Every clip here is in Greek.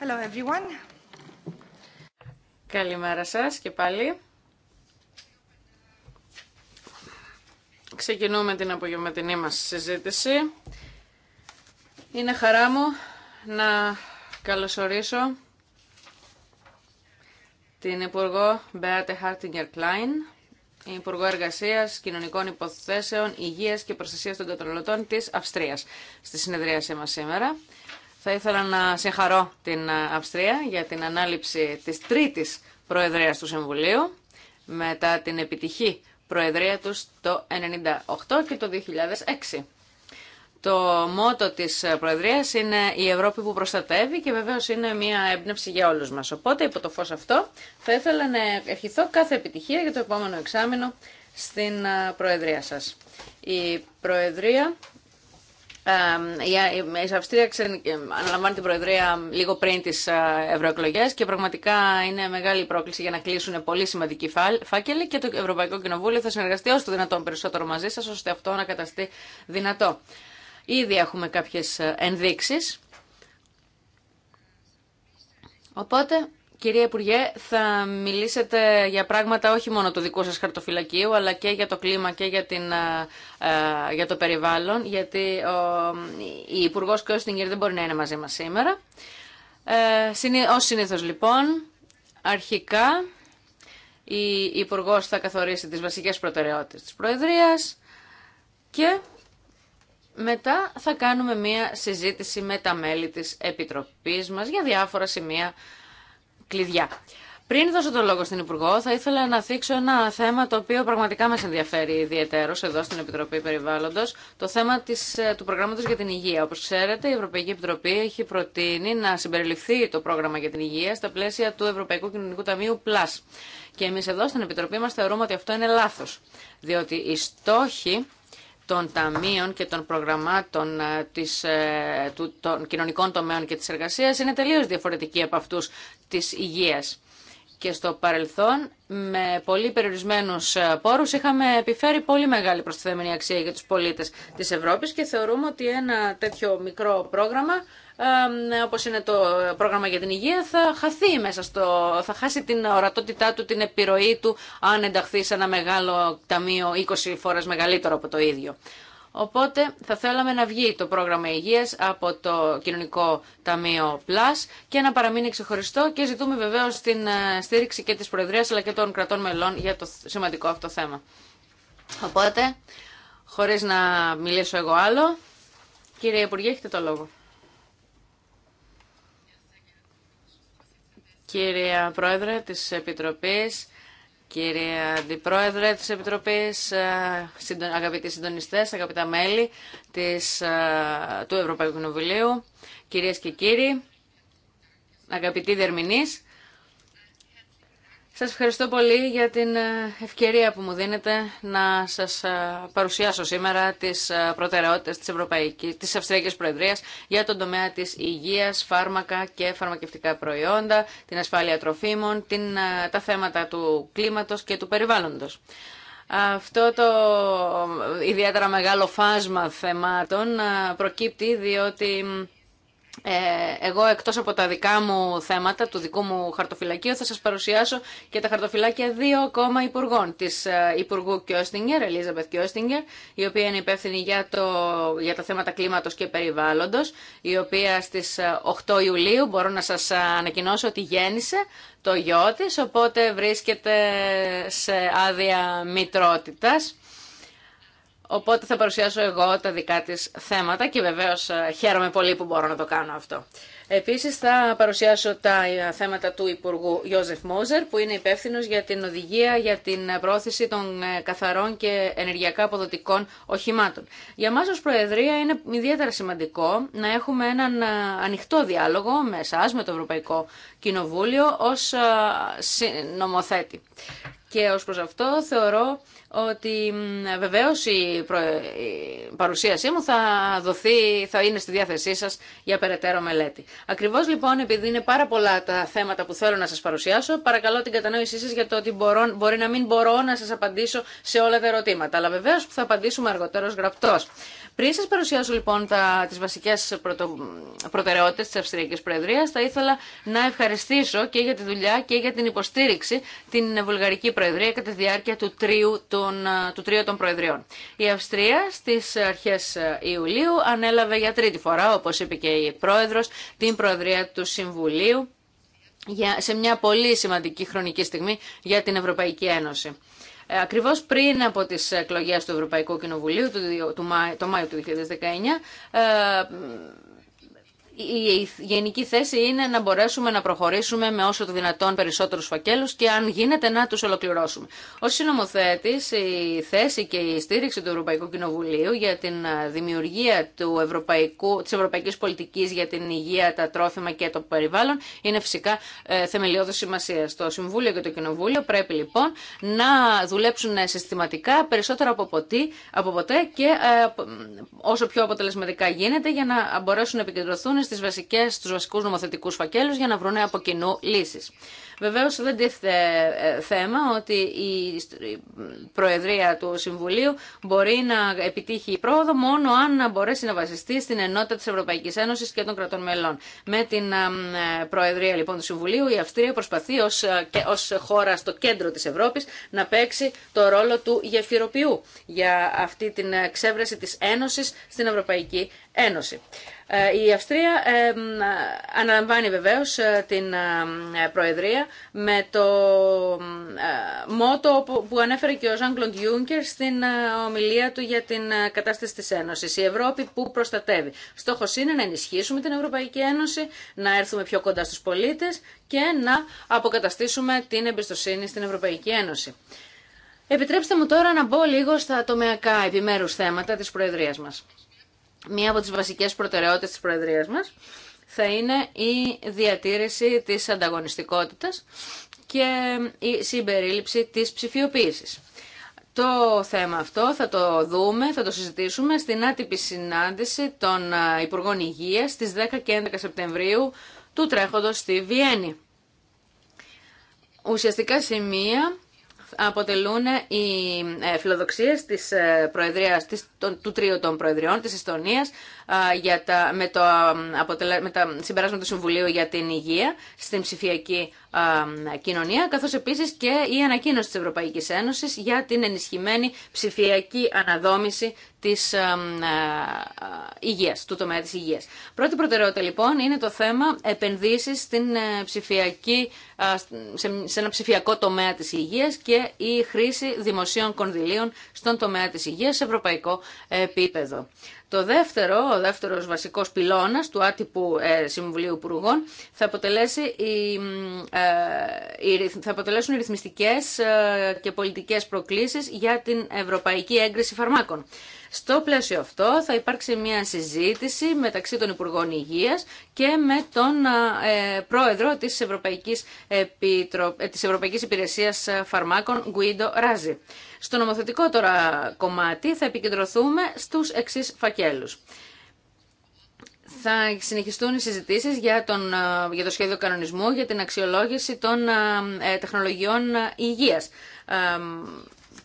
Hello everyone. Καλημέρα σας και πάλι. Ξεκινούμε την απογευματινή μας συζήτηση. Είναι χαρά μου να καλωσορίσω την Υπουργό Μπέατε Χάρτιγκερ Κλάιν, Υπουργό Εργασία, Κοινωνικών Υποθέσεων, Υγεία και Προστασία των Καταναλωτών τη Αυστρία στη συνεδρίασή μα σήμερα. Θα ήθελα να συγχαρώ την ε, Αυστρία για την ανάληψη της τρίτης Προεδρίας του Συμβουλίου μετά την επιτυχή Προεδρία τους το 1998 και το 2006. Το μότο της ε, Προεδρίας είναι «Η Ευρώπη που προστατεύει» και βεβαίως είναι μια έμπνευση για όλους μας. Οπότε υπό το φως αυτό θα ήθελα να ευχηθώ κάθε επιτυχία για το επόμενο εξάμεινο στην ε, Προεδρία σας. Η Προεδρία η Αυστρία αναλαμβάνει την Προεδρία λίγο πριν τι ε, ευρωεκλογέ και πραγματικά είναι μεγάλη πρόκληση για να κλείσουν πολύ σημαντικοί φάκελοι και το Ευρωπαϊκό Κοινοβούλιο θα συνεργαστεί όσο το δυνατόν περισσότερο μαζί σα ώστε αυτό να καταστεί δυνατό. Ήδη έχουμε κάποιε ενδείξει. Οπότε Κυρία Υπουργέ, θα μιλήσετε για πράγματα όχι μόνο του δικού σας χαρτοφυλακίου, αλλά και για το κλίμα και για, την, ε, ε, για το περιβάλλον, γιατί ο, η Υπουργό και δεν μπορεί να είναι μαζί μας σήμερα. Ε, ως συνήθως λοιπόν, αρχικά η υπουργό θα καθορίσει τις βασικές προτεραιότητες της Προεδρίας και μετά θα κάνουμε μία συζήτηση με τα μέλη της Επιτροπής μας για διάφορα σημεία κλειδιά. Πριν δώσω το λόγο στην Υπουργό, θα ήθελα να θίξω ένα θέμα το οποίο πραγματικά μας ενδιαφέρει ιδιαίτερω εδώ στην Επιτροπή Περιβάλλοντος, το θέμα της, ε, του προγράμματος για την υγεία. Όπως ξέρετε, η Ευρωπαϊκή Επιτροπή έχει προτείνει να συμπεριληφθεί το πρόγραμμα για την υγεία στα πλαίσια του Ευρωπαϊκού Κοινωνικού Ταμείου Plus. Και εμείς εδώ στην Επιτροπή μας θεωρούμε ότι αυτό είναι λάθος, διότι οι στόχοι των ταμείων και των προγραμμάτων ε, της, ε, των κοινωνικών τομέων και της εργασίας είναι τελείως διαφορετική από αυτούς της υγείας και στο παρελθόν με πολύ περιορισμένους ε, πόρους είχαμε επιφέρει πολύ μεγάλη προστιθέμενη αξία για τους πολίτες της Ευρώπης και θεωρούμε ότι ένα τέτοιο μικρό πρόγραμμα όπως είναι το πρόγραμμα για την υγεία θα χαθεί μέσα στο, θα χάσει την ορατότητά του, την επιρροή του αν ενταχθεί σε ένα μεγάλο ταμείο 20 φορέ μεγαλύτερο από το ίδιο. Οπότε θα θέλαμε να βγει το πρόγραμμα υγείας από το κοινωνικό ταμείο Plus και να παραμείνει ξεχωριστό και ζητούμε βεβαίως την ε, στήριξη και της προεδρία αλλά και των κρατών μελών για το σημαντικό αυτό θέμα. Οπότε, χωρίς να μιλήσω εγώ άλλο, κύριε Υπουργέ, έχετε το λόγο. Κύριε Πρόεδρε της Επιτροπής, Κύριε Αντιπρόεδρε της Επιτροπής, ε, αγαπητοί συντονιστές, αγαπητά μέλη της, ε, του Ευρωπαϊκού Κοινοβουλίου, κυρίες και κύριοι, αγαπητοί δερμηνείς, σας ευχαριστώ πολύ για την ε, ευκαιρία που μου δίνετε να σας ε, παρουσιάσω σήμερα τις ε, προτεραιότητες της, Ευρωπαϊκής, της Αυστριακής Προεδρίας για τον τομέα της υγείας, φάρμακα και φαρμακευτικά προϊόντα, την ασφάλεια τροφίμων, την, τα θέματα του κλίματος και του περιβάλλοντος. Αυτό το ιδιαίτερα μεγάλο φάσμα θεμάτων προκύπτει διότι ε, εγώ εκτός από τα δικά μου θέματα, του δικού μου χαρτοφυλακίου, θα σας παρουσιάσω και τα χαρτοφυλάκια δύο ακόμα υπουργών, της ε, Υπουργού Κιώστιγκερ, Ελίζαμπεθ η οποία είναι υπεύθυνη για, το, για τα θέματα κλίματος και περιβάλλοντος, η οποία στις 8 ε, Ιουλίου μπορώ να σας ανακοινώσω ότι γέννησε το γιο της, οπότε βρίσκεται σε άδεια μητρότητας. Οπότε θα παρουσιάσω εγώ τα δικά της θέματα και βεβαίως ε, χαίρομαι πολύ που μπορώ να το κάνω αυτό. Επίσης θα παρουσιάσω τα ε, θέματα του Υπουργού Ιώζεφ Μόζερ που είναι υπεύθυνο για την οδηγία για την πρόθεση των ε, καθαρών και ενεργειακά αποδοτικών οχημάτων. Για μας ως Προεδρία είναι ιδιαίτερα σημαντικό να έχουμε έναν ανοιχτό διάλογο με εσά, με το Ευρωπαϊκό Κοινοβούλιο ως νομοθέτη. Και ως προς αυτό θεωρώ ότι βεβαίω η, παρουσίασή μου θα, δοθεί, θα είναι στη διάθεσή σα για περαιτέρω μελέτη. Ακριβώ λοιπόν επειδή είναι πάρα πολλά τα θέματα που θέλω να σα παρουσιάσω, παρακαλώ την κατανόησή σα για το ότι μπορώ, μπορεί να μην μπορώ να σα απαντήσω σε όλα τα ερωτήματα, αλλά βεβαίω θα απαντήσουμε αργότερο γραπτό. Πριν σα παρουσιάσω λοιπόν τα, τις βασικές πρωτο, προτεραιότητες της Αυστριακής Προεδρίας, θα ήθελα να ευχαριστήσω και για τη δουλειά και για την υποστήριξη την Βουλγαρική Προεδρία κατά τη διάρκεια του τρίου του ε, του τρίου των Προεδριών. Η Αυστρία στις αρχές ε, Ιουλίου ανέλαβε για τρίτη φορά, όπως είπε και η Πρόεδρος, την Προεδρία του Συμβουλίου για σε μια πολύ σημαντική χρονική στιγμή για την Ευρωπαϊκή Ένωση. Ε, Ακριβώ πριν από τι εκλογέ του Ευρωπαϊκού Κοινοβουλίου το Μάιο του 2019, η γενική θέση είναι να μπορέσουμε να προχωρήσουμε με όσο το δυνατόν περισσότερου φακέλους και αν γίνεται να του ολοκληρώσουμε. Ω συνομοθέτης, η θέση και η στήριξη του Ευρωπαϊκού Κοινοβουλίου για την ε, δημιουργία του Ευρωπαϊκή Πολιτική για την υγεία, τα τρόφιμα και το περιβάλλον είναι φυσικά ε, θεμελιώδης σημασία. Το Συμβούλιο και το Κοινοβούλιο πρέπει λοιπόν να δουλέψουν ε, συστηματικά περισσότερο από, ποτέ και ε, όσο πιο αποτελεσματικά γίνεται για να μπορέσουν να επικεντρωθούν στις βασικές, στους βασικούς νομοθετικούς φακέλους για να βρουν από κοινού λύσεις. Βεβαίω δεν τίθεται ε, θέμα ότι η Προεδρία του Συμβουλίου μπορεί να επιτύχει η πρόοδο μόνο αν μπορέσει να βασιστεί στην ενότητα τη Ευρωπαϊκή Ένωση και των κρατών μελών. Με την ε, Προεδρία λοιπόν του Συμβουλίου η Αυστρία προσπαθεί ω ε, ως χώρα στο κέντρο της Ευρώπη να παίξει το ρόλο του γεφυροποιού για αυτή την εξέβρεση τη Ένωση στην Ευρωπαϊκή Ένωση. Η Αυστρία αναλαμβάνει βεβαίως την Προεδρία με το ε, μότο που ανέφερε και ο Ζαν Κλοντ Γιούγκερ στην ε, ομιλία του για την ε, κατάσταση της Ένωσης. Η Ευρώπη που προστατεύει. Στόχος είναι να ενισχύσουμε την Ευρωπαϊκή Ένωση, να έρθουμε πιο κοντά στους πολίτες και να αποκαταστήσουμε την εμπιστοσύνη στην Ευρωπαϊκή Ένωση. Επιτρέψτε μου τώρα να μπω λίγο στα τομεακά επιμέρους θέματα της Προεδρίας μας. Μία από τις βασικές προτεραιότητες της Προεδρίας μας θα είναι η διατήρηση της ανταγωνιστικότητας και η συμπερίληψη της ψηφιοποίησης. Το θέμα αυτό θα το δούμε, θα το συζητήσουμε στην άτυπη συνάντηση των Υπουργών Υγείας στις 10 και 11 Σεπτεμβρίου του τρέχοντος στη Βιέννη. Ουσιαστικά σημεία αποτελούν ε, οι ε, φιλοδοξίες της ε, προεδρίας, της, του τρίου των προεδριών της Εστονίας, για τα, με, το, αποτελε, με τα συμπεράσματα του Συμβουλίου για την Υγεία στην ψηφιακή κοινωνία, καθώς επίσης και η ανακοίνωση της Ευρωπαϊκής Ένωσης για την ενισχυμένη ψηφιακή αναδόμηση της υγείας, του τομέα της υγείας. Πρώτη προτεραιότητα λοιπόν είναι το θέμα επενδύσεις στην ε, ψηφιακή, σε ένα ψηφιακό τομέα της υγείας και η χρήση δημοσίων κονδυλίων στον τομέα της υγείας σε ευρωπαϊκό επίπεδο. Το δεύτερο, ο δεύτερο βασικός πυλώνας του άτυπου ε, Συμβουλίου Υπουργών θα, αποτελέσει ε, θα αποτελέσουν οι ρυθμιστικές ε, και πολιτικές προκλήσει για την ευρωπαϊκή έγκριση φαρμάκων. Στο πλαίσιο αυτό θα υπάρξει μια συζήτηση μεταξύ των Υπουργών Υγείας και με τον ε, πρόεδρο της Ευρωπαϊκής, Επιτρο... Ε, της Ευρωπαϊκής Υπηρεσίας Φαρμάκων, Γκουίντο Ράζη. Στο νομοθετικό τώρα κομμάτι θα επικεντρωθούμε στους εξής φακέλους. Θα συνεχιστούν οι συζητήσεις για, τον, για το σχέδιο κανονισμού για την αξιολόγηση των ε, τεχνολογιών υγείας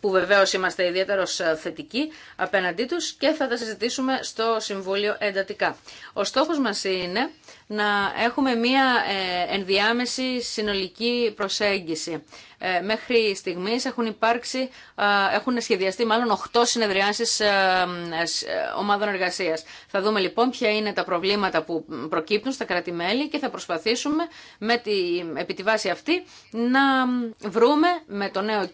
που βεβαίως είμαστε ιδιαίτερος ε, θετικοί απέναντί τους και θα τα συζητήσουμε στο Συμβούλιο εντατικά. Ο στόχος μας είναι να έχουμε μία ε, ενδιάμεση συνολική προσέγγιση. Ε, μέχρι στιγμής έχουν υπάρξει, έχουν σχεδιαστεί μάλλον 8 συνεδριάσεις ε, ομάδων εργασίας. Θα δούμε λοιπόν ποια είναι τα προβλήματα που προκύπτουν στα κρατη και θα προσπαθήσουμε με τη, επί βάση αυτή να βρούμε, με το νέο,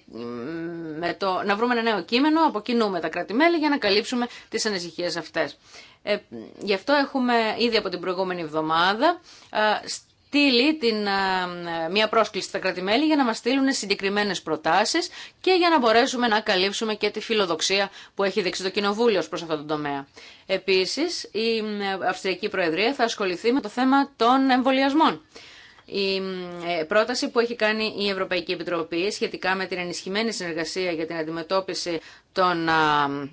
με το, να βρούμε ένα νέο κείμενο από τα κρατη για να καλύψουμε τις ανησυχίες αυτές. Ε, γι' αυτό έχουμε ήδη από την προηγούμενη εβδομάδα ε, στείλει την, ε, μια πρόσκληση στα κρατημέλη για να μας στείλουν συγκεκριμένες προτάσεις και για να μπορέσουμε να καλύψουμε και τη φιλοδοξία που έχει δείξει το Κοινοβούλιο προς αυτό το τομέα. Επίσης, η Αυστριακή Προεδρία θα ασχοληθεί με το θέμα των εμβολιασμών. Η πρόταση που έχει κάνει η Ευρωπαϊκή Επιτροπή σχετικά με την ενισχυμένη συνεργασία για την αντιμετώπιση των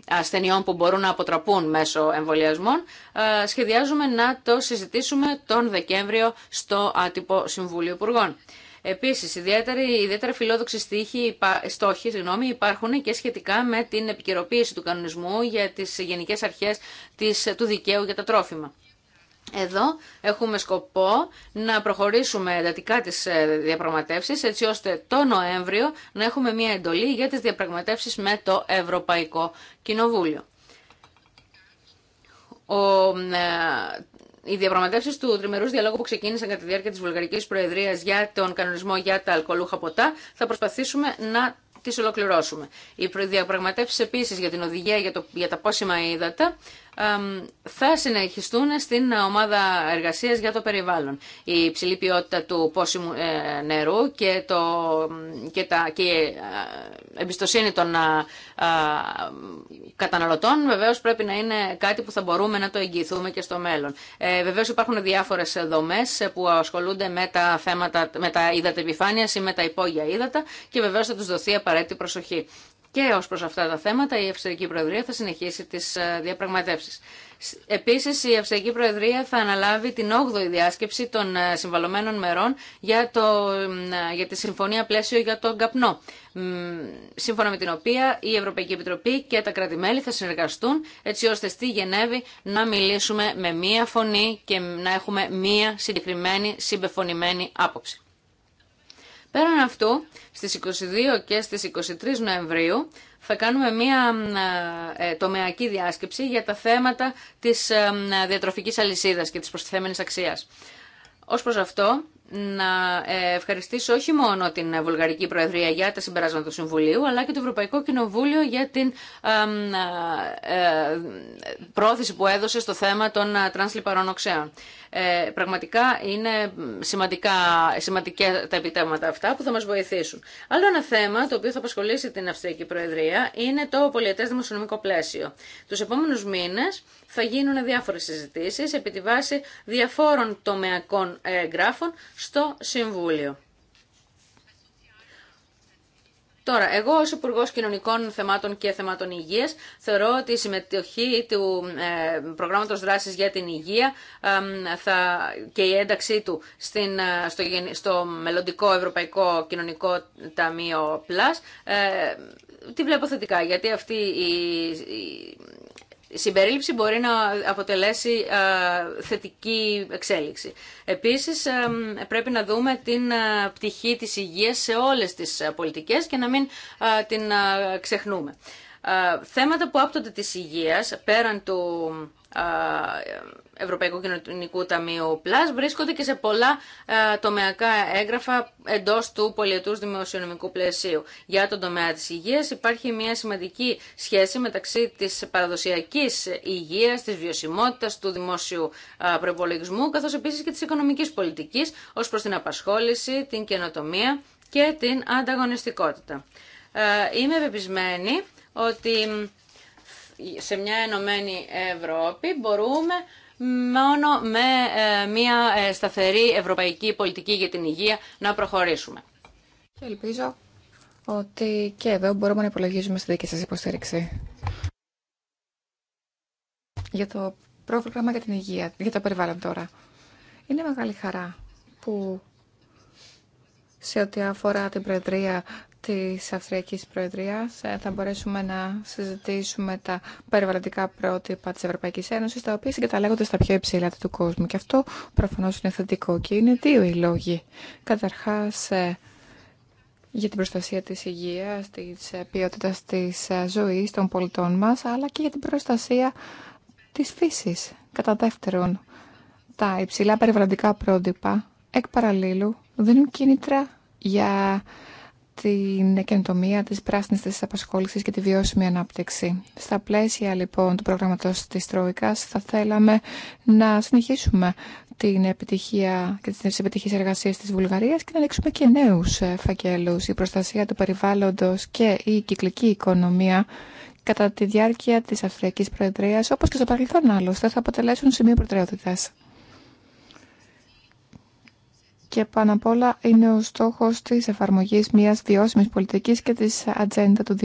ασθενειών που μπορούν να αποτραπούν μέσω εμβολιασμών, σχεδιάζουμε να το συζητήσουμε τον Δεκέμβριο στο άτυπο Συμβούλιο Υπουργών. Επίσης, ιδιαίτερα φιλόδοξη στόχοι, συγγνώμη, υπάρχουν και σχετικά με την επικαιροποίηση του κανονισμού για τις γενικές αρχές της, του δικαίου για τα τρόφιμα. Εδώ έχουμε σκοπό να προχωρήσουμε εντατικά τις ε, διαπραγματεύσεις έτσι ώστε το Νοέμβριο να έχουμε μια εντολή για τις διαπραγματεύσεις με το Ευρωπαϊκό Κοινοβούλιο. Ο, ε, οι διαπραγματεύσει του τριμερού διαλόγου που ξεκίνησαν κατά τη διάρκεια τη Βουλγαρική Προεδρία για τον κανονισμό για τα αλκοολούχα ποτά θα προσπαθήσουμε να τι ολοκληρώσουμε. Οι διαπραγματεύσει επίση για την οδηγία για, το, για τα πόσιμα ύδατα θα συνεχιστούν στην ομάδα εργασίας για το περιβάλλον. Η υψηλή ποιότητα του πόσιμου ε, νερού και, το, και, τα, και η ε, εμπιστοσύνη των ε, καταναλωτών βεβαίως πρέπει να είναι κάτι που θα μπορούμε να το εγγυηθούμε και στο μέλλον. Ε, βεβαίως υπάρχουν διάφορες δομές που ασχολούνται με τα, θέματα, με τα ή με τα υπόγεια ύδατα και βεβαίως θα τους δοθεί απαραίτητη προσοχή. Και ω προ αυτά τα θέματα η Αυστριακή Προεδρία θα συνεχίσει τι ε, διαπραγματεύσει. Επίση, η Αυστριακή Προεδρία θα αναλάβει την 8η διάσκεψη των ε, συμβαλωμένων μερών για, το, ε, για τη Συμφωνία Πλαίσιο για τον Καπνό. Σύμφωνα με την οποία η Ευρωπαϊκή Επιτροπή και τα κρατημέλη θα συνεργαστούν έτσι ώστε στη Γενέβη να μιλήσουμε με μία φωνή και να έχουμε μία συγκεκριμένη συμπεφωνημένη άποψη. Πέραν αυτού, στις 22 και στις 23 Νοεμβρίου θα κάνουμε μία ε, ε, τομεακή διάσκεψη για τα θέματα της ε, διατροφικής αλυσίδας και της προστιθέμενης αξίας. Ως προς αυτό, να ευχαριστήσω όχι μόνο την Βουλγαρική Προεδρία για τα συμπεράσματα του Συμβουλίου, αλλά και το Ευρωπαϊκό Κοινοβούλιο για την πρόθεση που έδωσε στο θέμα των τρανσλιπαρών οξέων. Ε, πραγματικά είναι σημαντικά, τα επιτέγματα αυτά που θα μας βοηθήσουν. Άλλο ένα θέμα το οποίο θα απασχολήσει την Αυστριακή Προεδρία είναι το πολιετές δημοσιονομικό πλαίσιο. Τους επόμενους μήνες θα γίνουν διάφορες συζητήσεις επί τη βάση διαφόρων τομεακών ε, γράφων στο Συμβούλιο. Τώρα, εγώ ως Υπουργό Κοινωνικών Θεμάτων και Θεμάτων Υγείας θεωρώ ότι η συμμετοχή του ε, προγράμματος δράσης για την υγεία θα, και η ένταξή του στην, ε, στο, στο μελλοντικό Ευρωπαϊκό Κοινωνικό Ταμείο Plus ε, τη βλέπω θετικά, γιατί αυτή η η συμπερίληψη μπορεί να αποτελέσει ε, θετική εξέλιξη. Επίσης, ε, πρέπει να δούμε την ε, πτυχή της υγείας σε όλες τις πολιτικές και να μην την ξεχνούμε. Ε, θέματα που άπτονται της υγείας, πέραν του ε, Ευρωπαϊκού Κοινωνικού Ταμείου πλάς βρίσκονται και σε πολλά ε, τομεακά έγγραφα εντός του πολιετούς δημοσιονομικού πλαισίου. Για τον τομέα της υγείας υπάρχει μια σημαντική σχέση μεταξύ της παραδοσιακής υγείας, της βιωσιμότητας του δημόσιου προπολογισμού, καθώς επίσης και της οικονομικής πολιτικής ως προς την απασχόληση, την καινοτομία και την ανταγωνιστικότητα. Είμαι πεπισμένη ότι σε μια ενωμένη Ευρώπη μπορούμε μόνο με ε, μια ε, σταθερή ευρωπαϊκή πολιτική για την υγεία να προχωρήσουμε. Και ελπίζω ότι και εδώ μπορούμε να υπολογίζουμε στη δική σας υποστήριξη. Για το πρόγραμμα για την υγεία, για το περιβάλλον τώρα. Είναι μεγάλη χαρά που σε ό,τι αφορά την Προεδρία της Αυστριακής Προεδρίας ε, θα μπορέσουμε να συζητήσουμε τα περιβαλλοντικά πρότυπα της Ευρωπαϊκής Ένωσης τα οποία συγκαταλέγονται στα πιο υψηλά του κόσμου και αυτό προφανώς είναι θετικό και είναι δύο οι λόγοι. Καταρχάς ε, για την προστασία της υγείας, της ε, ποιότητας της ζωής των πολιτών μας αλλά και για την προστασία της φύσης. Κατά δεύτερον, τα υψηλά περιβαλλοντικά πρότυπα εκ παραλλήλου δίνουν κίνητρα για την καινοτομία της πράσινης της απασχόλησης και τη βιώσιμη ανάπτυξη. Στα πλαίσια λοιπόν του προγράμματος της Τρόικας θα θέλαμε να συνεχίσουμε την επιτυχία και τις επιτυχίες εργασίες της Βουλγαρίας και να ανοίξουμε και νέους ε, φακέλους. Η προστασία του περιβάλλοντος και η κυκλική οικονομία κατά τη διάρκεια της Αυστριακής Προεδρίας, όπως και στο παρελθόν άλλωστε, θα αποτελέσουν σημείο προτεραιότητας και πάνω απ' όλα είναι ο στόχος της εφαρμογής μιας βιώσιμη πολιτικής και της ατζέντα του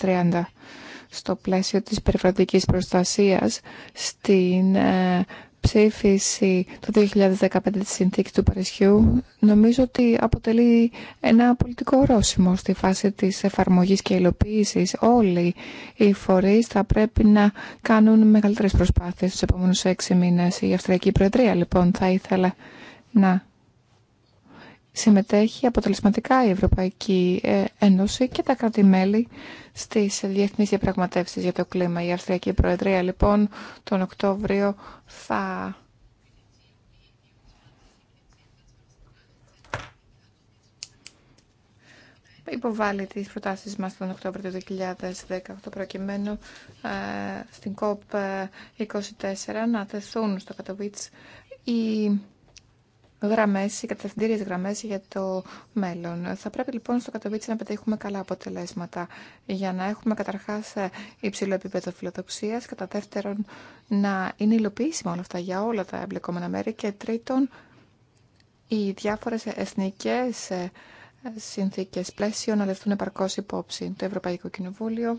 2030 στο πλαίσιο της περιβαλλοντικής προστασίας στην ε, ψήφιση το 2015 της συνθήκης του Παρισιού νομίζω ότι αποτελεί ένα πολιτικό ορόσημο στη φάση της εφαρμογής και υλοποίησης. Όλοι οι φορείς θα πρέπει να κάνουν μεγαλύτερες προσπάθειες στους επόμενους έξι μήνες. Η Αυστριακή Προεδρία λοιπόν θα ήθελα να συμμετέχει αποτελεσματικά η Ευρωπαϊκή ε, Ένωση και τα κράτη-μέλη στις διεθνείς διαπραγματεύσεις για το κλίμα. Η Αυστριακή Προεδρία λοιπόν τον Οκτώβριο θα υποβάλει τις προτάσεις μας τον Οκτώβριο του 2018 προκειμένου ε, στην COP24 ε, να τεθούν στο Κατοβίτς οι γραμμές, οι κατευθυντήριες γραμμές για το μέλλον. Θα πρέπει λοιπόν στο Κατοβίτσι να πετύχουμε καλά αποτελέσματα για να έχουμε καταρχάς ε, υψηλό επίπεδο φιλοδοξίας, κατά δεύτερον να είναι υλοποιήσιμα όλα αυτά για όλα τα εμπλεκόμενα μέρη και τρίτον οι διάφορες εθνικές ε, συνθήκες πλαίσιο να λεφθούν επαρκώς υπόψη. Το Ευρωπαϊκό Κοινοβούλιο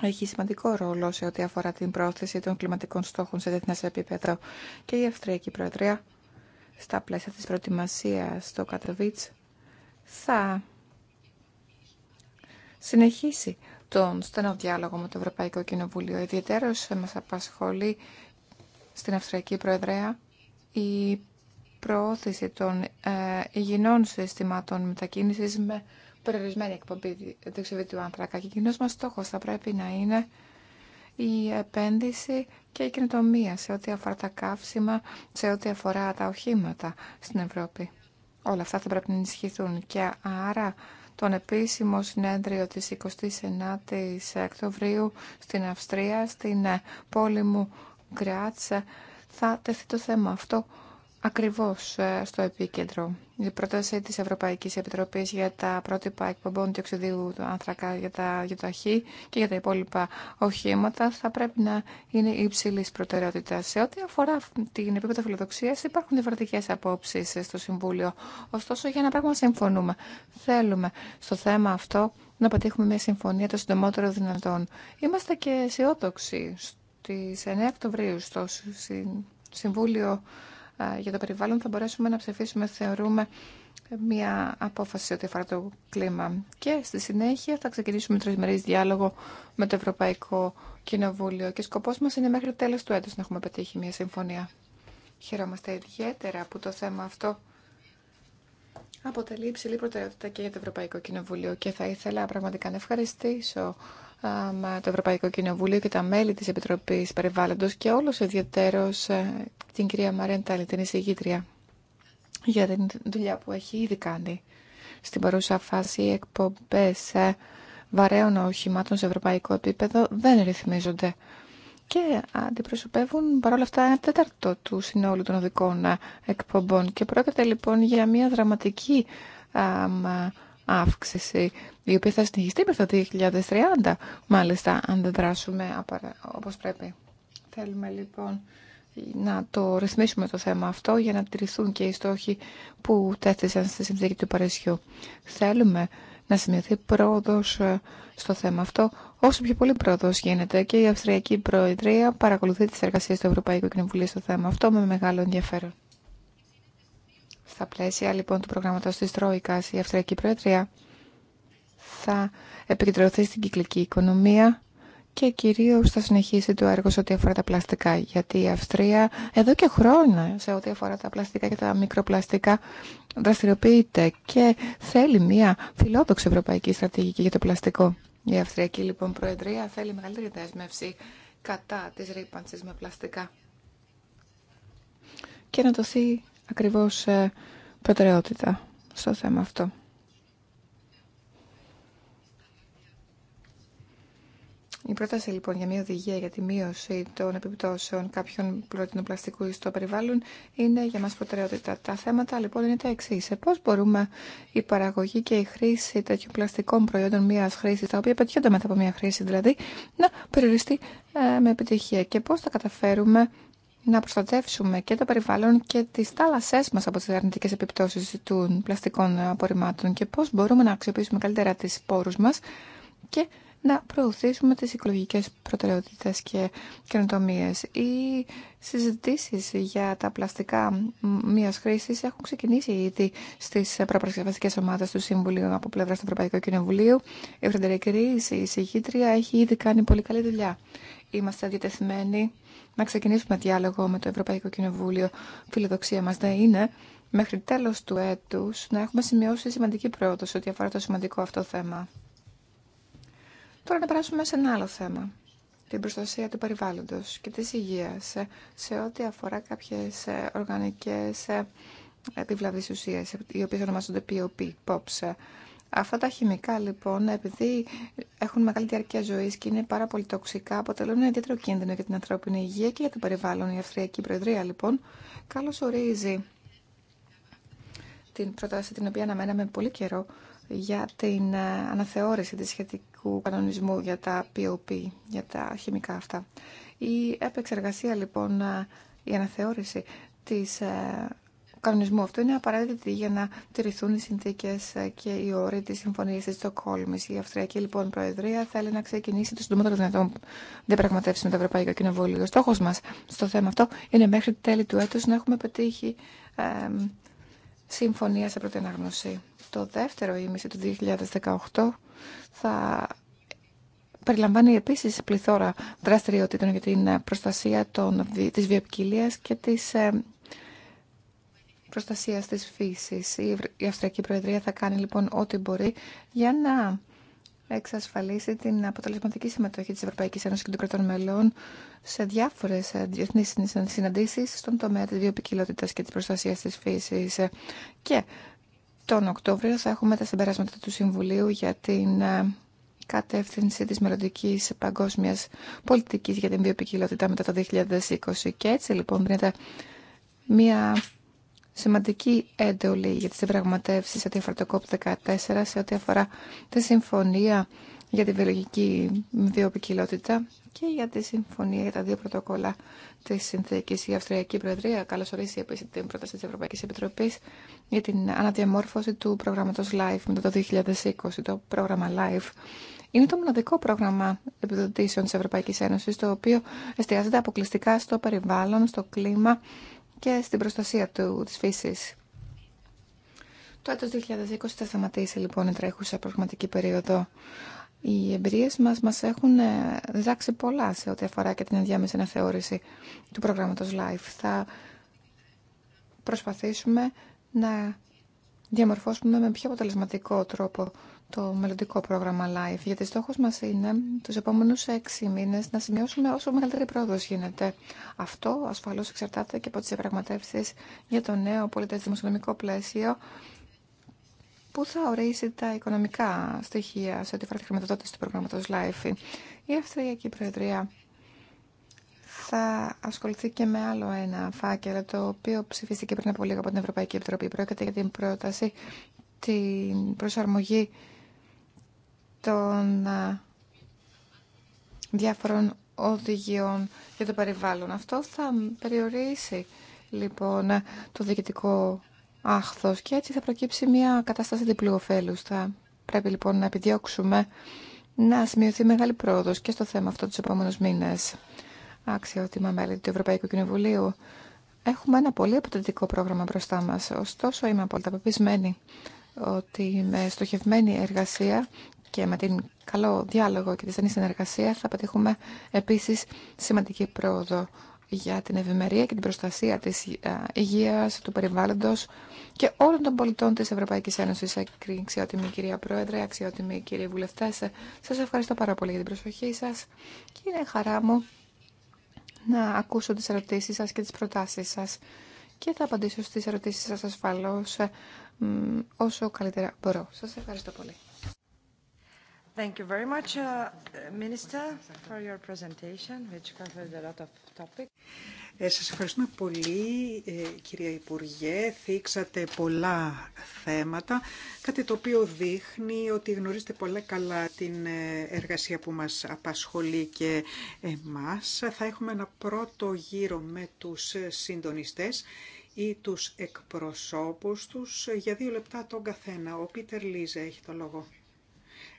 έχει σημαντικό ρόλο σε ό,τι αφορά την πρόθεση των κλιματικών στόχων σε διεθνές επίπεδο και η Αυστριακή Προεδρία στα πλαίσια της προετοιμασίας στο Κατροβίτς θα συνεχίσει τον στενό διάλογο με το Ευρωπαϊκό Κοινοβούλιο. Ιδιαίτερως μας απασχολεί στην Αυστριακή Προεδρέα η προώθηση των ε, υγιεινών συστημάτων μετακίνησης με περιορισμένη εκπομπή διοξιδίου άνθρακα. Και κοινός μας στόχο θα πρέπει να είναι η επένδυση και η κοινοτομία σε ό,τι αφορά τα καύσιμα, σε ό,τι αφορά τα οχήματα στην Ευρώπη. Όλα αυτά θα πρέπει να ενισχυθούν και άρα τον επίσημο συνέδριο της 29ης Οκτωβρίου στην Αυστρία, στην πόλη μου Γκράτσα, θα τεθεί το θέμα αυτό ακριβώς ε, στο επίκεντρο. Η πρόταση της Ευρωπαϊκής Επιτροπής για τα πρότυπα εκπομπών διοξιδίου του άνθρακα για τα γιοταχή και για τα υπόλοιπα οχήματα θα πρέπει να είναι υψηλή προτεραιότητα. Σε ό,τι αφορά την επίπεδο φιλοδοξία, υπάρχουν διαφορετικέ απόψει ε, στο Συμβούλιο. Ωστόσο, για ένα πράγμα συμφωνούμε. Θέλουμε στο θέμα αυτό να πετύχουμε μια συμφωνία το συντομότερο δυνατόν. Είμαστε και αισιόδοξοι. στις 9 Οκτωβρίου στο Συμβούλιο για το περιβάλλον θα μπορέσουμε να ψηφίσουμε, θεωρούμε, μια απόφαση ό,τι αφορά το κλίμα. Και στη συνέχεια θα ξεκινήσουμε τρισμερής διάλογο με το Ευρωπαϊκό Κοινοβούλιο και σκοπός μας είναι μέχρι τέλος του έτους να έχουμε πετύχει μια συμφωνία. Χαιρόμαστε ιδιαίτερα που το θέμα αυτό αποτελεί υψηλή προτεραιότητα και για το Ευρωπαϊκό Κοινοβούλιο και θα ήθελα πραγματικά να ευχαριστήσω με το Ευρωπαϊκό Κοινοβούλιο και τα μέλη της Επιτροπής Περιβάλλοντος και όλος ιδιαίτερος ε, την κυρία Μαρέν την εισηγήτρια, για την δουλειά που έχει ήδη κάνει. Στην παρούσα φάση οι εκπομπές ε, βαρέων οχημάτων σε ευρωπαϊκό επίπεδο δεν ρυθμίζονται και αντιπροσωπεύουν παρόλα αυτά ένα τέταρτο του συνόλου των οδικών ε, εκπομπών και πρόκειται λοιπόν για μια δραματική αύξηση, η οποία θα συνεχιστεί μέχρι το 2030, μάλιστα, αν δεν δράσουμε όπως πρέπει. Θέλουμε λοιπόν να το ρυθμίσουμε το θέμα αυτό για να τηρηθούν και οι στόχοι που τέθησαν στη συνθήκη του Παρισιού. Θέλουμε να σημειωθεί πρόοδο ε, στο θέμα αυτό. Όσο πιο πολύ πρόοδο γίνεται και η Αυστριακή Προεδρία παρακολουθεί τι εργασίε του Ευρωπαϊκού Κοινοβουλίου στο θέμα αυτό με μεγάλο ενδιαφέρον. Στα πλαίσια λοιπόν του προγραμματό τη Τροϊκά, η Αυστριακή Προεδρία θα επικεντρωθεί στην κυκλική οικονομία και κυρίω θα συνεχίσει το έργο σε ό,τι αφορά τα πλαστικά. Γιατί η Αυστρία εδώ και χρόνια σε ό,τι αφορά τα πλαστικά και τα μικροπλαστικά δραστηριοποιείται και θέλει μια φιλόδοξη ευρωπαϊκή στρατηγική για το πλαστικό. Η Αυστριακή λοιπόν Προεδρία θέλει μεγαλύτερη δέσμευση κατά της ρήπανσης με πλαστικά και να δοθεί ακριβώς ε, προτεραιότητα στο θέμα αυτό. Η πρόταση λοιπόν για μια οδηγία για τη μείωση των επιπτώσεων κάποιων πλαστικού στο περιβάλλον είναι για μας προτεραιότητα. Τα θέματα λοιπόν είναι τα εξή. Πώ μπορούμε η παραγωγή και η χρήση τέτοιων πλαστικών προϊόντων μια χρήση, τα οποία πετυχαίνονται μετά από μια χρήση δηλαδή, να περιοριστεί ε, με επιτυχία και πώ θα καταφέρουμε να προστατεύσουμε και το περιβάλλον και τι θάλασσές μα από τι αρνητικέ επιπτώσει των πλαστικών απορριμμάτων και πώ μπορούμε να αξιοποιήσουμε καλύτερα τι πόρου μα και να προωθήσουμε τις οικολογικές προτεραιότητες και καινοτομίες. Οι συζητήσεις για τα πλαστικά μίας χρήσης έχουν ξεκινήσει ήδη στις προπαρασκευαστικές ομάδες του Συμβουλίου από πλευρά του Ευρωπαϊκού Κοινοβουλίου. Η Φρεντερική η συγχύτρια, έχει ήδη κάνει πολύ καλή δουλειά είμαστε διατεθειμένοι να ξεκινήσουμε διάλογο με το Ευρωπαϊκό Κοινοβούλιο. Φιλοδοξία μας δεν είναι μέχρι τέλος του έτους να έχουμε σημειώσει σημαντική πρόοδο ό,τι αφορά το σημαντικό αυτό θέμα. Τώρα να περάσουμε σε ένα άλλο θέμα. Την προστασία του περιβάλλοντος και της υγείας ε, σε ό,τι αφορά κάποιες ε, οργανικές ε, επιβλαβείς ουσίες, οι οποίες ονομάζονται POP, POPs. Αυτά τα χημικά λοιπόν, επειδή έχουν μεγάλη διαρκεία ζωή και είναι πάρα πολύ τοξικά, αποτελούν ένα ιδιαίτερο κίνδυνο για την ανθρώπινη υγεία και για το περιβάλλον. Η Αυστριακή Προεδρία λοιπόν καλωσορίζει ορίζει την πρόταση την οποία αναμέναμε πολύ καιρό για την ε, αναθεώρηση της σχετικού κανονισμού για τα POP, για τα χημικά αυτά. Η επεξεργασία λοιπόν, ε, η αναθεώρηση της ε, κανονισμού αυτό είναι απαραίτητη για να τηρηθούν οι συνθήκε και οι όροι τη συμφωνία τη Στοκχόλμη. Η Αυστριακή λοιπόν Προεδρία θέλει να ξεκινήσει το συντομότερο δυνατόν διαπραγματεύσει με το Ευρωπαϊκό Κοινοβούλιο. Ο στόχο μα στο θέμα αυτό είναι μέχρι τέλη του έτου να έχουμε πετύχει ε, συμφωνία σε πρώτη αναγνώση. Το δεύτερο ήμιση του 2018 θα περιλαμβάνει επίση πληθώρα δραστηριοτήτων για την προστασία των, της και της Προστασία τη φύση. Η Αυστριακή Προεδρία θα κάνει λοιπόν ό,τι μπορεί για να εξασφαλίσει την αποτελεσματική συμμετοχή τη Ευρωπαϊκή Ένωση και των κρατών μελών σε διάφορε διεθνεί συναντήσει στον τομέα τη βιοπικιλότητα και τη προστασία τη φύση. Και τον Οκτώβριο θα έχουμε τα συμπεράσματα του Συμβουλίου για την ε, κατεύθυνση της μελλοντική παγκόσμιας πολιτικής για την βιοποικιλότητα μετά το 2020. Και έτσι λοιπόν δίνεται μια σημαντική έντολη για τις διαπραγματεύσει σε ό,τι αφορά το COP14, σε ό,τι αφορά τη συμφωνία για τη βιολογική βιοποικιλότητα και για τη συμφωνία για τα δύο πρωτοκόλλα της συνθήκης. Η Αυστριακή Προεδρία καλωσορίσει επίσης την πρόταση της Ευρωπαϊκής Επιτροπής για την αναδιαμόρφωση του πρόγραμματος LIFE μετά το 2020. Το πρόγραμμα LIFE είναι το μοναδικό πρόγραμμα επιδοτήσεων τη Ευρωπαϊκή Ένωση, το οποίο εστιάζεται αποκλειστικά στο περιβάλλον, στο κλίμα και στην προστασία του, της φύσης. Το έτος 2020 θα σταματήσει λοιπόν η τρέχουσα πραγματική περίοδο. Οι εμπειρίε μας μας έχουν ε, διδάξει πολλά σε ό,τι αφορά και την ενδιάμεση αναθεώρηση του προγράμματος LIFE. Θα προσπαθήσουμε να διαμορφώσουμε με πιο αποτελεσματικό τρόπο το μελλοντικό πρόγραμμα LIFE, γιατί στόχος μας είναι τους επόμενους έξι μήνες να σημειώσουμε όσο μεγαλύτερη πρόοδος γίνεται. Αυτό ασφαλώς εξαρτάται και από τις επραγματεύσεις για το νέο πολιτές δημοσιονομικό πλαίσιο που θα ορίσει τα οικονομικά στοιχεία σε ό,τι αφορά τη χρηματοδότηση του προγράμματος LIFE. Η Αυστριακή Προεδρία θα ασχοληθεί και με άλλο ένα φάκελο, το οποίο ψηφίστηκε πριν από λίγο από την Ευρωπαϊκή Επιτροπή. Πρόκειται για την πρόταση την προσαρμογή των ε, διάφορων οδηγιών για το περιβάλλον. Αυτό θα περιορίσει λοιπόν το διοικητικό άχθος και έτσι θα προκύψει μια κατάσταση διπλού ωφέλους. Θα πρέπει λοιπόν να επιδιώξουμε να σημειωθεί μεγάλη πρόοδος και στο θέμα αυτό τους επόμενους μήνες. Αξιότιμα μέλη του Ευρωπαϊκού Κοινοβουλίου. Έχουμε ένα πολύ αποτελετικό πρόγραμμα μπροστά μας. Ωστόσο είμαι απόλυτα πεπισμένη ότι με στοχευμένη εργασία και με την καλό διάλογο και τη στενή συνεργασία θα πετύχουμε επίσης σημαντική πρόοδο για την ευημερία και την προστασία της ε, υγείας, του περιβάλλοντος και όλων των πολιτών της Ευρωπαϊκής Ένωσης. Αξιότιμη κυρία Πρόεδρε, αξιότιμοι κύριοι βουλευτές, ε, σας ευχαριστώ πάρα πολύ για την προσοχή σας και είναι χαρά μου να ακούσω τις ερωτήσεις σας και τις προτάσεις σας και θα απαντήσω στις ερωτήσεις σας ασφαλώς ε, όσο καλύτερα μπορώ. Σας ευχαριστώ πολύ. Thank you very much, uh, Minister, for your presentation, ε, σας ευχαριστούμε πολύ, ε, κυρία Υπουργέ. Θίξατε πολλά θέματα, κάτι το οποίο δείχνει ότι γνωρίζετε πολύ καλά την ε, εργασία που μας απασχολεί και εμάς. Θα έχουμε ένα πρώτο γύρο με τους συντονιστές ή τους εκπροσώπους τους για δύο λεπτά τον καθένα. Ο Πίτερ Λίζε έχει το λόγο.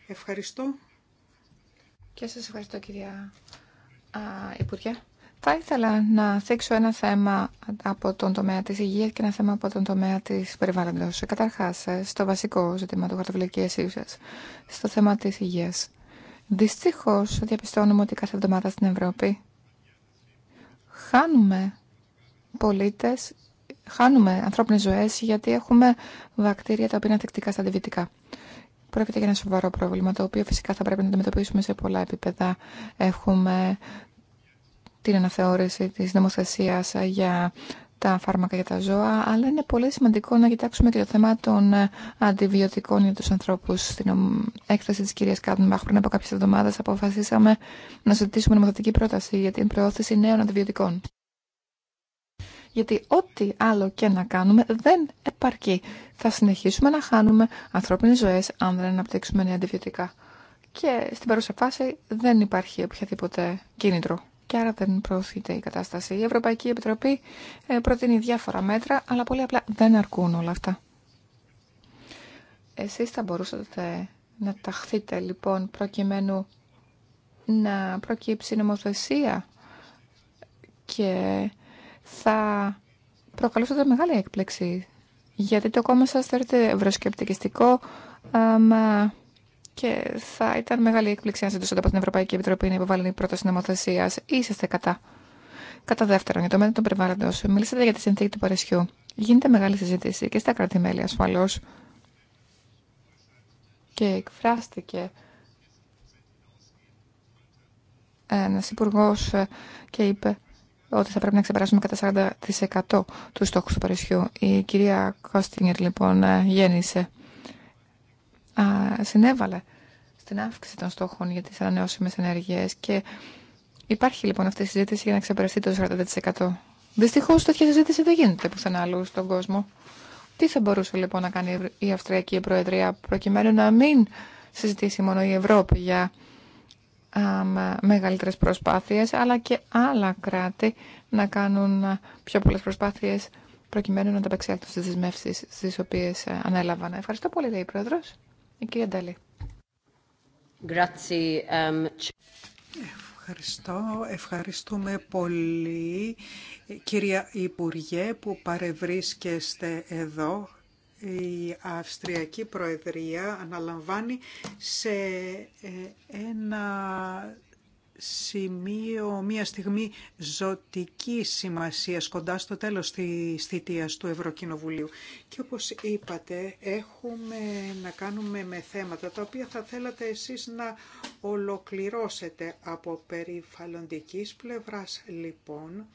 Ευχαριστώ. Και σας ευχαριστώ κυρία Υπουργέ. Θα ήθελα να θίξω ένα θέμα από τον τομέα της υγείας και ένα θέμα από τον τομέα της περιβάλλοντος. Καταρχάς, ε, στο βασικό ζήτημα του χαρτοβουλικής ύψας, ε, στο θέμα της υγείας. Δυστυχώς, διαπιστώνουμε ότι κάθε εβδομάδα στην Ευρώπη χάνουμε πολίτες, χάνουμε ανθρώπινες ζωές γιατί έχουμε βακτήρια τα οποία είναι ανθεκτικά στα Πρόκειται για ένα σοβαρό πρόβλημα, το οποίο φυσικά θα πρέπει να αντιμετωπίσουμε σε πολλά επίπεδα. Έχουμε την αναθεώρηση της νομοθεσίας για τα φάρμακα για τα ζώα, αλλά είναι πολύ σημαντικό να κοιτάξουμε και το θέμα των αντιβιωτικών για του ανθρώπου, Στην έκθεση τη κυρία Κάντνμπαχ πριν από κάποιες εβδομάδες αποφασίσαμε να ζητήσουμε νομοθετική πρόταση για την προώθηση νέων αντιβιωτικών. Γιατί ό,τι άλλο και να κάνουμε δεν επαρκεί θα συνεχίσουμε να χάνουμε ανθρώπινες ζωές αν δεν αναπτύξουμε νέα αντιβιωτικά. Και στην παρούσα φάση δεν υπάρχει οποιαδήποτε κίνητρο. Και άρα δεν προωθείται η κατάσταση. Η Ευρωπαϊκή Επιτροπή ε, προτείνει διάφορα μέτρα, αλλά πολύ απλά δεν αρκούν όλα αυτά. Εσείς θα μπορούσατε να ταχθείτε λοιπόν προκειμένου να προκύψει νομοθεσία και θα προκαλούσατε μεγάλη έκπληξη γιατί το κόμμα σας θεωρείται ευρωσκεπτικιστικό και θα ήταν μεγάλη έκπληξη αν ζητούσατε από την Ευρωπαϊκή Επιτροπή να υποβάλει πρόταση νομοθεσία. Είσαστε κατά. Κατά δεύτερον, για το μέλλον των περιβάλλοντο, μιλήσατε για τη συνθήκη του Παρισιού. Γίνεται μεγάλη συζήτηση και στα κράτη-μέλη ασφαλώ. Και εκφράστηκε ένα υπουργό και είπε ότι θα πρέπει να ξεπεράσουμε κατά 40% του στόχου του Παρισιού. Η κυρία Κόστινγκερ λοιπόν ε, γέννησε, α, συνέβαλε στην αύξηση των στόχων για τις ανανεώσιμες ενέργειες και υπάρχει λοιπόν αυτή η συζήτηση για να ξεπεραστεί το 40%. Δυστυχώ, τέτοια συζήτηση δεν γίνεται πουθενά αλλού στον κόσμο. Τι θα μπορούσε λοιπόν να κάνει η Αυστριακή Προεδρία προκειμένου να μην συζητήσει μόνο η Ευρώπη για μεγαλύτερες προσπάθειες, αλλά και άλλα κράτη να κάνουν πιο πολλές προσπάθειες προκειμένου να ανταπεξέλθουν στις δεσμεύσεις στις οποίες ε, ανέλαβαν. Ευχαριστώ πολύ, λέει η Πρόεδρος. Η κυρία Ντάλη. Ευχαριστώ. Ευχαριστούμε πολύ, κυρία Υπουργέ, που παρευρίσκεστε εδώ η Αυστριακή Προεδρία αναλαμβάνει σε ε, ένα σημείο, μια στιγμή ζωτική σημασία κοντά στο τέλος της θητείας του Ευρωκοινοβουλίου. Και όπως είπατε, έχουμε να κάνουμε με θέματα τα οποία θα θέλατε εσείς να ολοκληρώσετε από περιφαλοντικής πλευράς λοιπόν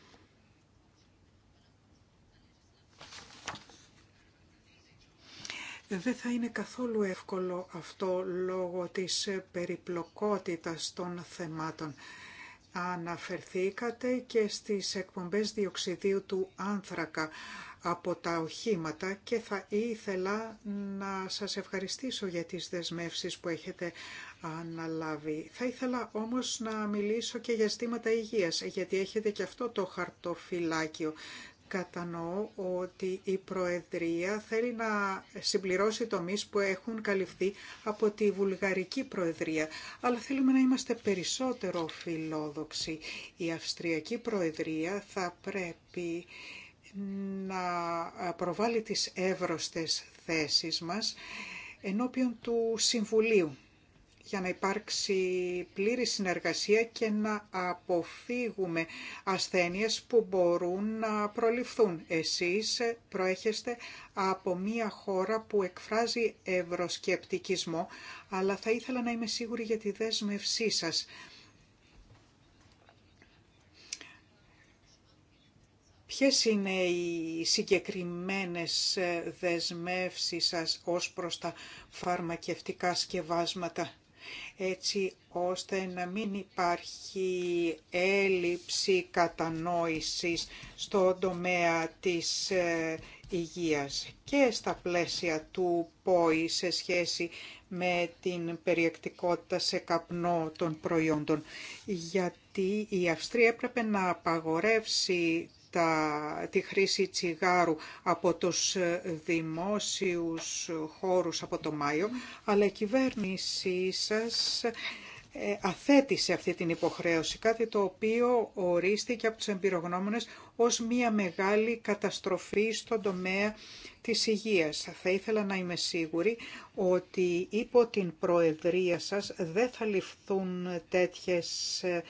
Δεν θα είναι καθόλου εύκολο αυτό λόγω της περιπλοκότητας των θεμάτων. Αναφερθήκατε και στις εκπομπές διοξιδίου του άνθρακα από τα οχήματα και θα ήθελα να σας ευχαριστήσω για τις δεσμεύσεις που έχετε αναλάβει. Θα ήθελα όμως να μιλήσω και για στήματα υγείας, γιατί έχετε και αυτό το χαρτοφυλάκιο Κατανοώ ότι η Προεδρία θέλει να συμπληρώσει τομείς που έχουν καλυφθεί από τη Βουλγαρική Προεδρία, αλλά θέλουμε να είμαστε περισσότερο φιλόδοξοι. Η Αυστριακή Προεδρία θα πρέπει να προβάλλει τις εύρωστες θέσεις μας ενώπιον του Συμβουλίου για να υπάρξει πλήρη συνεργασία και να αποφύγουμε ασθένειες που μπορούν να προληφθούν. Εσείς προέχεστε από μια χώρα που εκφράζει ευρωσκεπτικισμό, αλλά θα ήθελα να είμαι σίγουρη για τη δέσμευσή σας. Ποιες είναι οι συγκεκριμένες δεσμεύσεις σας ως προς τα φαρμακευτικά σκευάσματα έτσι ώστε να μην υπάρχει έλλειψη κατανόησης στον τομέα της ε, υγείας και στα πλαίσια του ΠΟΗ σε σχέση με την περιεκτικότητα σε καπνό των προϊόντων. Γιατί η Αυστρία έπρεπε να απαγορεύσει τη χρήση τσιγάρου από τους ε, δημόσιους χώρους από το Μάιο, αλλά η κυβέρνησή σας ε, αθέτησε αυτή την υποχρέωση, κάτι το οποίο ορίστηκε από τους εμπειρογνώμονες ως μια μεγάλη καταστροφή στον τομέα της υγείας. Θα ήθελα να είμαι σίγουρη ότι υπό την προεδρία σας δεν θα ληφθούν τέτοιες ε,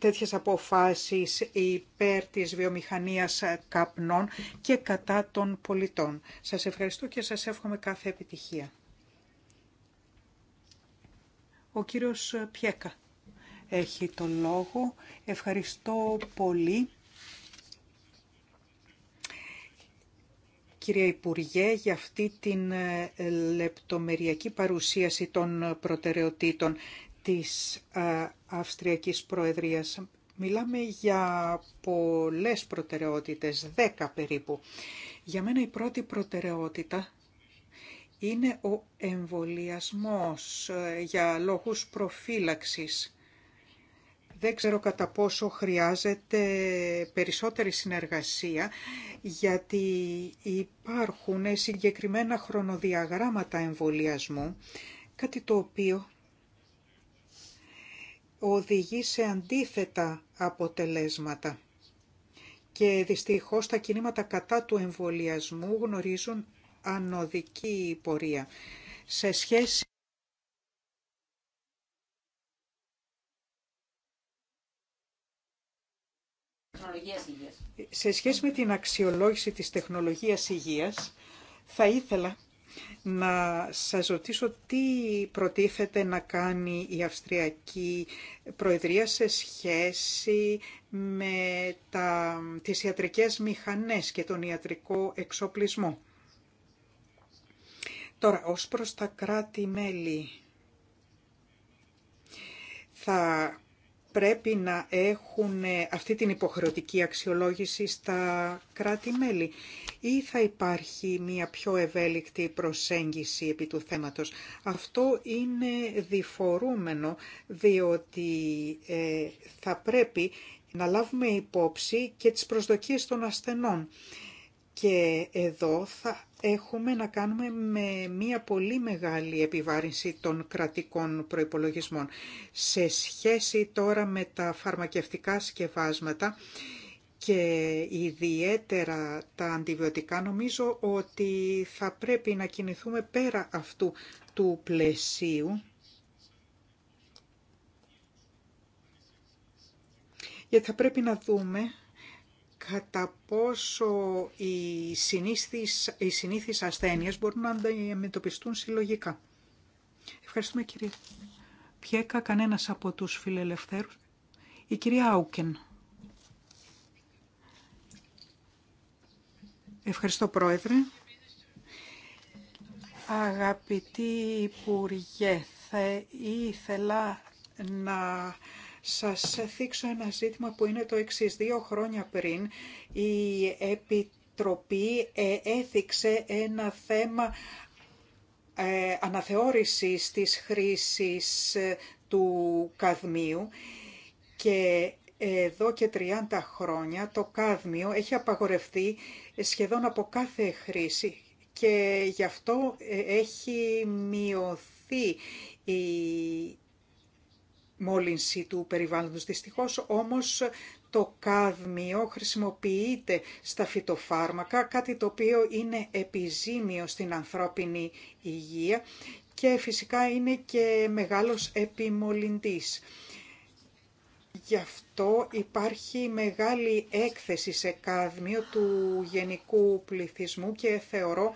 τέτοιες αποφάσεις υπέρ της βιομηχανίας καπνών και κατά των πολιτών. Σας ευχαριστώ και σας εύχομαι κάθε επιτυχία. Ο κύριος Πιέκα έχει το λόγο. Ευχαριστώ πολύ. Κύριε Υπουργέ, για αυτή την λεπτομεριακή παρουσίαση των προτεραιοτήτων της ε, Αυστριακής Προεδρίας. Μιλάμε για πολλές προτεραιότητες, δέκα περίπου. Για μένα η πρώτη προτεραιότητα είναι ο εμβολιασμός ε, για λόγους προφύλαξης. Δεν ξέρω κατά πόσο χρειάζεται περισσότερη συνεργασία, γιατί υπάρχουν συγκεκριμένα χρονοδιαγράμματα εμβολιασμού, κάτι το οποίο οδηγεί σε αντίθετα αποτελέσματα. Και δυστυχώς τα κινήματα κατά του εμβολιασμού γνωρίζουν ανωδική πορεία. Σε σχέση με την αξιολόγηση της τεχνολογίας υγείας, θα ήθελα να σας ρωτήσω τι προτίθεται να κάνει η Αυστριακή Προεδρία σε σχέση με τα, τις ιατρικές μηχανές και τον ιατρικό εξοπλισμό. Τώρα, ως προς τα κράτη-μέλη, θα πρέπει να έχουν αυτή την υποχρεωτική αξιολόγηση στα κράτη-μέλη ή θα υπάρχει μια πιο ευέλικτη προσέγγιση επί του θέματος. Αυτό είναι διφορούμενο διότι ε, θα πρέπει να λάβουμε υπόψη και τις προσδοκίες των ασθενών και εδώ θα έχουμε να κάνουμε με μία πολύ μεγάλη επιβάρυνση των κρατικών προϋπολογισμών. Σε σχέση τώρα με τα φαρμακευτικά σκευάσματα και ιδιαίτερα τα αντιβιωτικά, νομίζω ότι θα πρέπει να κινηθούμε πέρα αυτού του πλαισίου. Γιατί θα πρέπει να δούμε κατά πόσο οι συνήθεις, οι συνήθεις ασθένειες μπορούν να αντιμετωπιστούν συλλογικά. Ευχαριστούμε κύριε Πιέκα, κανένας από τους φιλελευθέρους. Η κυρία Άουκεν. Ευχαριστώ πρόεδρε. Αγαπητή Υπουργέ, θα ήθελα να σας θίξω ένα ζήτημα που είναι το 62 Δύο χρόνια πριν η Επιτροπή ε, έθιξε ένα θέμα ε, αναθεώρησης της χρήσης ε, του καδμίου και εδώ και 30 χρόνια το κάδμιο έχει απαγορευτεί σχεδόν από κάθε χρήση και γι' αυτό έχει μειωθεί η μόλυνση του περιβάλλοντος. Δυστυχώς όμως το καδμίο χρησιμοποιείται στα φυτοφάρμακα, κάτι το οποίο είναι επιζήμιο στην ανθρώπινη υγεία και φυσικά είναι και μεγάλος επιμολυντής. Γι' αυτό υπάρχει μεγάλη έκθεση σε καδμίο του γενικού πληθυσμού και θεωρώ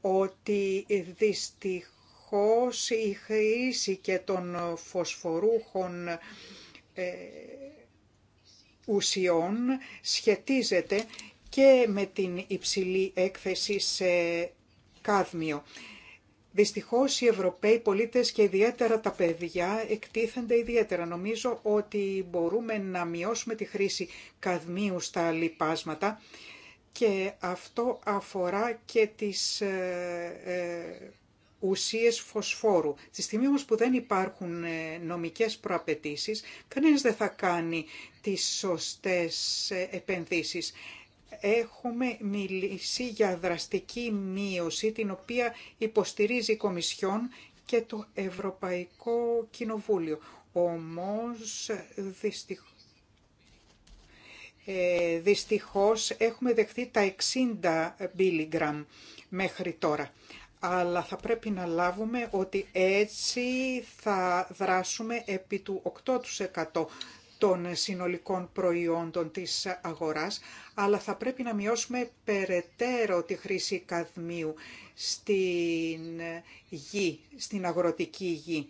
ότι δυστυχώς δυστυχώς η χρήση και των φωσφορούχων ε, ουσιών σχετίζεται και με την υψηλή έκθεση σε κάδμιο. Δυστυχώς οι Ευρωπαίοι πολίτες και ιδιαίτερα τα παιδιά εκτίθενται ιδιαίτερα. Νομίζω ότι μπορούμε να μειώσουμε τη χρήση καδμίου στα λιπάσματα και αυτό αφορά και τις ε, ε, ουσίες φωσφόρου. Στη στιγμή όμως που δεν υπάρχουν ε, νομικές προαπαιτήσεις, κανένας δεν θα κάνει τις σωστές ε, επενδύσεις. Έχουμε μιλήσει για δραστική μείωση, την οποία υποστηρίζει η Κομισιόν και το Ευρωπαϊκό Κοινοβούλιο. Όμως, δυστυχώς, ε, δυστυχώς έχουμε δεχτεί τα 60 μίλιγκραμμ μέχρι τώρα αλλά θα πρέπει να λάβουμε ότι έτσι θα δράσουμε επί του 8% των συνολικών προϊόντων της αγοράς, αλλά θα πρέπει να μειώσουμε περαιτέρω τη χρήση καδμίου στην γη, στην αγροτική γη.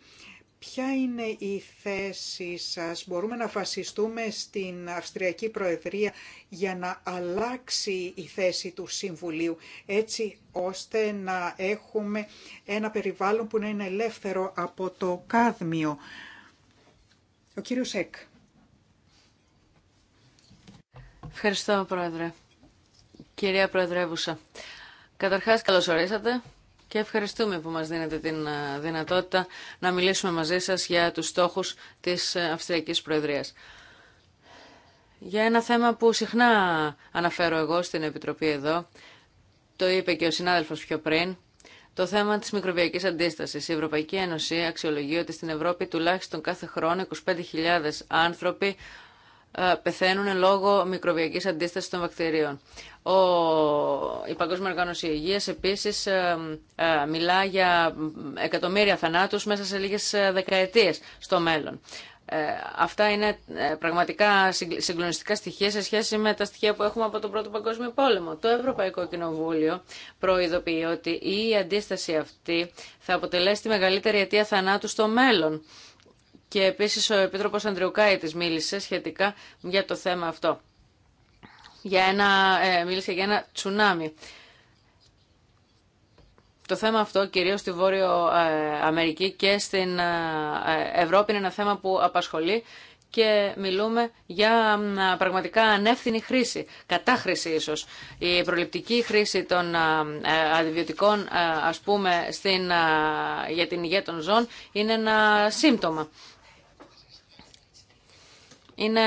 Ποια είναι η θέση σας, μπορούμε να φασιστούμε στην Αυστριακή Προεδρία για να αλλάξει η θέση του Συμβουλίου, έτσι ώστε να έχουμε ένα περιβάλλον που να είναι ελεύθερο από το κάδμιο. Ο κύριος Εκ. Ευχαριστώ, Πρόεδρε. Κυρία Προεδρεύουσα, καταρχάς καλώς ορίσατε και ευχαριστούμε που μας δίνετε την ε, δυνατότητα να μιλήσουμε μαζί σας για τους στόχους της ε, Αυστριακής Προεδρίας. Για ένα θέμα που συχνά αναφέρω εγώ στην Επιτροπή εδώ, το είπε και ο συνάδελφος πιο πριν, το θέμα της μικροβιακής αντίστασης. Η Ευρωπαϊκή Ένωση αξιολογεί ότι στην Ευρώπη τουλάχιστον κάθε χρόνο 25.000 άνθρωποι ε, πεθαίνουν λόγω μικροβιακής αντίστασης των βακτηρίων. Ο, η Παγκόσμια Οργάνωση Υγείας επίσης ε, ε, μιλά για εκατομμύρια θανάτους μέσα σε λίγες δεκαετίες στο μέλλον. αυτά είναι πραγματικά συγκλονιστικά στοιχεία σε σχέση με τα στοιχεία που έχουμε από τον Πρώτο Παγκόσμιο Πόλεμο. Το Ευρωπαϊκό Κοινοβούλιο προειδοποιεί ότι η αντίσταση αυτή θα αποτελέσει τη μεγαλύτερη αιτία θανάτου στο μέλλον και επίσης ο Επίτροπος Ανδριουκάητης μίλησε σχετικά για το θέμα αυτό. Για ένα, ε, μίλησε για ένα τσουνάμι. Το θέμα αυτό, κυρίως στη Βόρειο ε, Αμερική και στην ε, Ευρώπη, είναι ένα θέμα που απασχολεί και μιλούμε για πραγματικά ανεύθυνη χρήση, κατάχρηση ίσως. Η προληπτική χρήση των αντιβιωτικών, ας για την υγεία των ζώων είναι ένα σύμπτωμα είναι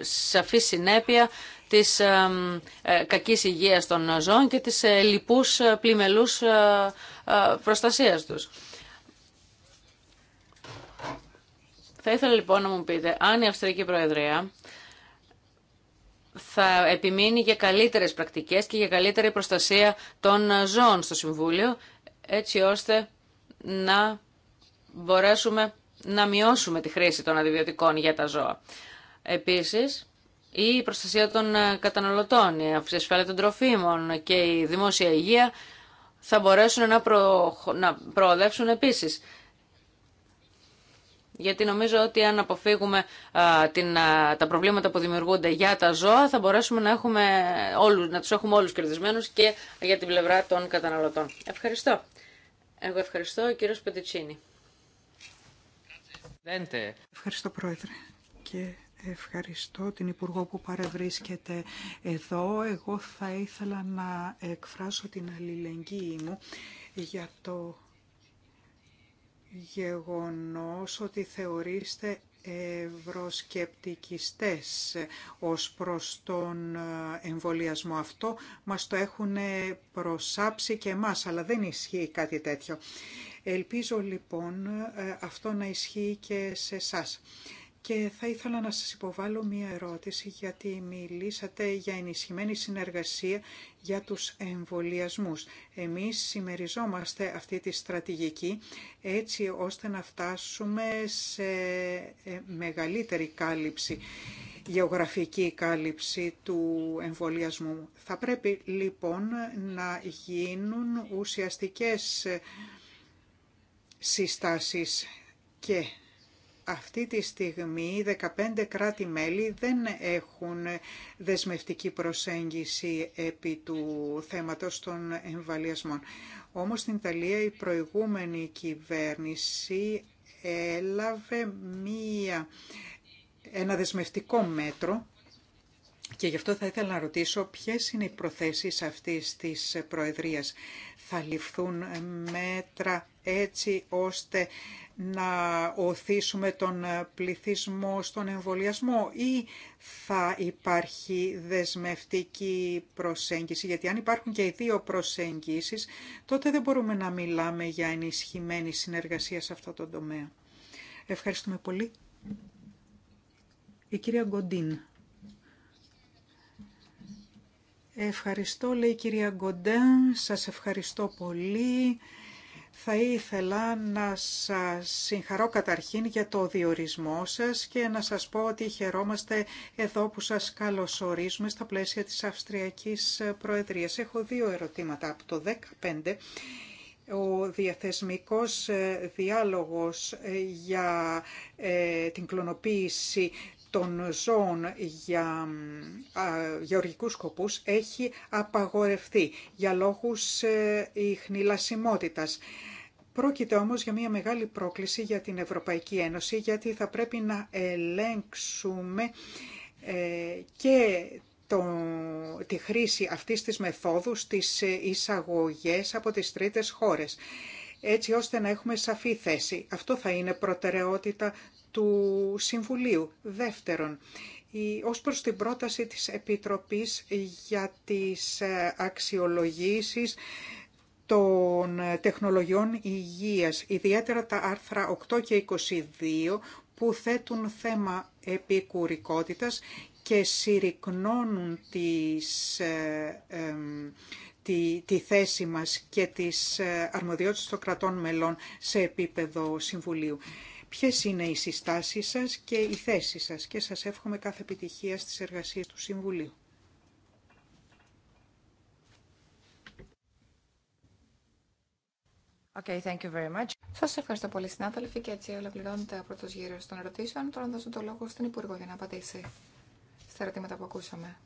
σαφή συνέπεια της ε, κακής υγείας των ζώων και της ε, λοιπούς ε, πλημελούς προστασίας τους. Θα ήθελα λοιπόν να μου πείτε αν η Αυστρική Προεδρία θα επιμείνει για καλύτερες πρακτικές και για καλύτερη προστασία των ζώων στο Συμβούλιο έτσι ώστε να μπορέσουμε να μειώσουμε τη χρήση των αντιβιωτικών για τα ζώα. Επίσης, η προστασία των ε, καταναλωτών, η ασφάλεια των τροφίμων και η δημόσια υγεία θα μπορέσουν να, να προοδεύσουν επίσης. Γιατί νομίζω ότι αν αποφύγουμε την, τα προβλήματα που δημιουργούνται για τα ζώα θα μπορέσουμε να, έχουμε όλους, να τους έχουμε όλους κερδισμένους και για την πλευρά των καταναλωτών. Ευχαριστώ. Εγώ ευχαριστώ, κύριος Πετιτσίνη. Ευχαριστώ, Πρόεδρε. Και Ευχαριστώ την Υπουργό που παρευρίσκεται εδώ. Εγώ θα ήθελα να εκφράσω την αλληλεγγύη μου για το γεγονός ότι θεωρείστε ευρωσκεπτικιστές ως προς τον εμβολιασμό αυτό. Μας το έχουν προσάψει και εμάς, αλλά δεν ισχύει κάτι τέτοιο. Ελπίζω λοιπόν ε, αυτό να ισχύει και σε σας. Και θα ήθελα να σας υποβάλω μία ερώτηση γιατί μιλήσατε για ενισχυμένη συνεργασία για τους εμβολιασμούς. Εμείς συμμεριζόμαστε αυτή τη στρατηγική έτσι ώστε να φτάσουμε σε ε, μεγαλύτερη κάλυψη, γεωγραφική κάλυψη του εμβολιασμού. Θα πρέπει λοιπόν να γίνουν ουσιαστικές συστάσεις και αυτή τη στιγμή 15 κράτη-μέλη δεν έχουν δεσμευτική προσέγγιση επί του θέματος των εμβαλιασμών. Όμως στην Ιταλία η προηγούμενη κυβέρνηση έλαβε μία, ένα δεσμευτικό μέτρο και γι' αυτό θα ήθελα να ρωτήσω ποιες είναι οι προθέσεις αυτής της Προεδρίας. Θα ληφθούν μέτρα έτσι ώστε να οθήσουμε τον πληθυσμό στον εμβολιασμό ή θα υπάρχει δεσμευτική προσέγγιση, γιατί αν υπάρχουν και οι δύο προσέγγισεις, τότε δεν μπορούμε να μιλάμε για ενισχυμένη συνεργασία σε αυτό το τομέα. Ευχαριστούμε πολύ. Η κυρία Γκοντίν. Ευχαριστώ, λέει η κυρία Γκοντέν. Σας ευχαριστώ πολύ. Θα ήθελα να σας συγχαρώ καταρχήν για το διορισμό σας και να σας πω ότι χαιρόμαστε εδώ που σας καλωσορίζουμε στα πλαίσια της Αυστριακής Προεδρίας. Έχω δύο ερωτήματα. Από το 2015 ο διαθεσμικός ε, διάλογος ε, για ε, την κλωνοποίηση των ζώων για γεωργικούς σκοπούς έχει απαγορευτεί για λόγους ηχνηλασιμότητας. Ε, Πρόκειται όμως για μια μεγάλη πρόκληση για την Ευρωπαϊκή Ένωση γιατί θα πρέπει να ελέγξουμε ε, και το, τη χρήση αυτής της μεθόδου στις ε, εισαγωγές από τις τρίτες χώρες έτσι ώστε να έχουμε σαφή θέση. Αυτό θα είναι προτεραιότητα του Συμβουλίου. Δεύτερον, ως προς την πρόταση της Επιτροπής για τις ε, αξιολογήσεις των ε, τεχνολογιών υγείας, ιδιαίτερα τα άρθρα 8 και 22 που θέτουν θέμα επικουρικότητας και συρρυκνώνουν τις, ε, τη, θέση μας και τις αρμοδιότητες των κρατών μελών σε επίπεδο Συμβουλίου ποιες είναι οι συστάσεις σας και οι θέσεις σας και σας εύχομαι κάθε επιτυχία στις εργασίες του Συμβουλίου. Okay, thank you very much. Σας ευχαριστώ πολύ συνάδελφοι και έτσι ολοκληρώνεται ο πρώτος γύρος των ερωτήσεων. Τώρα δώσω το λόγο στον Υπουργό για να απαντήσει στα ερωτήματα που ακούσαμε.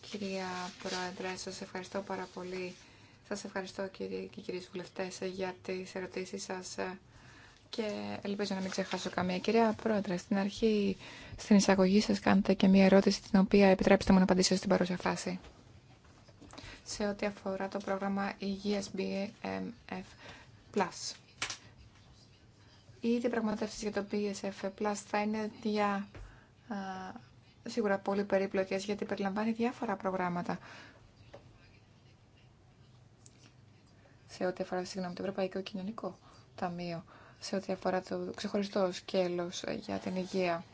Κυρία Πρόεδρε, σας ευχαριστώ πάρα πολύ σας ευχαριστώ κύριε και κυρίες βουλευτές για τις ερωτήσεις σας και ελπίζω να μην ξεχάσω καμία. Κυρία Πρόεδρε, στην αρχή, στην εισαγωγή σας κάνετε και μία ερώτηση την οποία επιτρέψτε μου να απαντήσω στην παρούσα φάση. Σε ό,τι αφορά το πρόγραμμα Υγείας BMF+. Οι πραγματεύσεις για το BSF Plus θα είναι σίγουρα πολύ περίπλοκες γιατί περιλαμβάνει διάφορα προγράμματα σε ό,τι αφορά συγγνώμη, το Ευρωπαϊκό Κοινωνικό Ταμείο, σε ό,τι αφορά το ξεχωριστό σκέλος για την υγεία.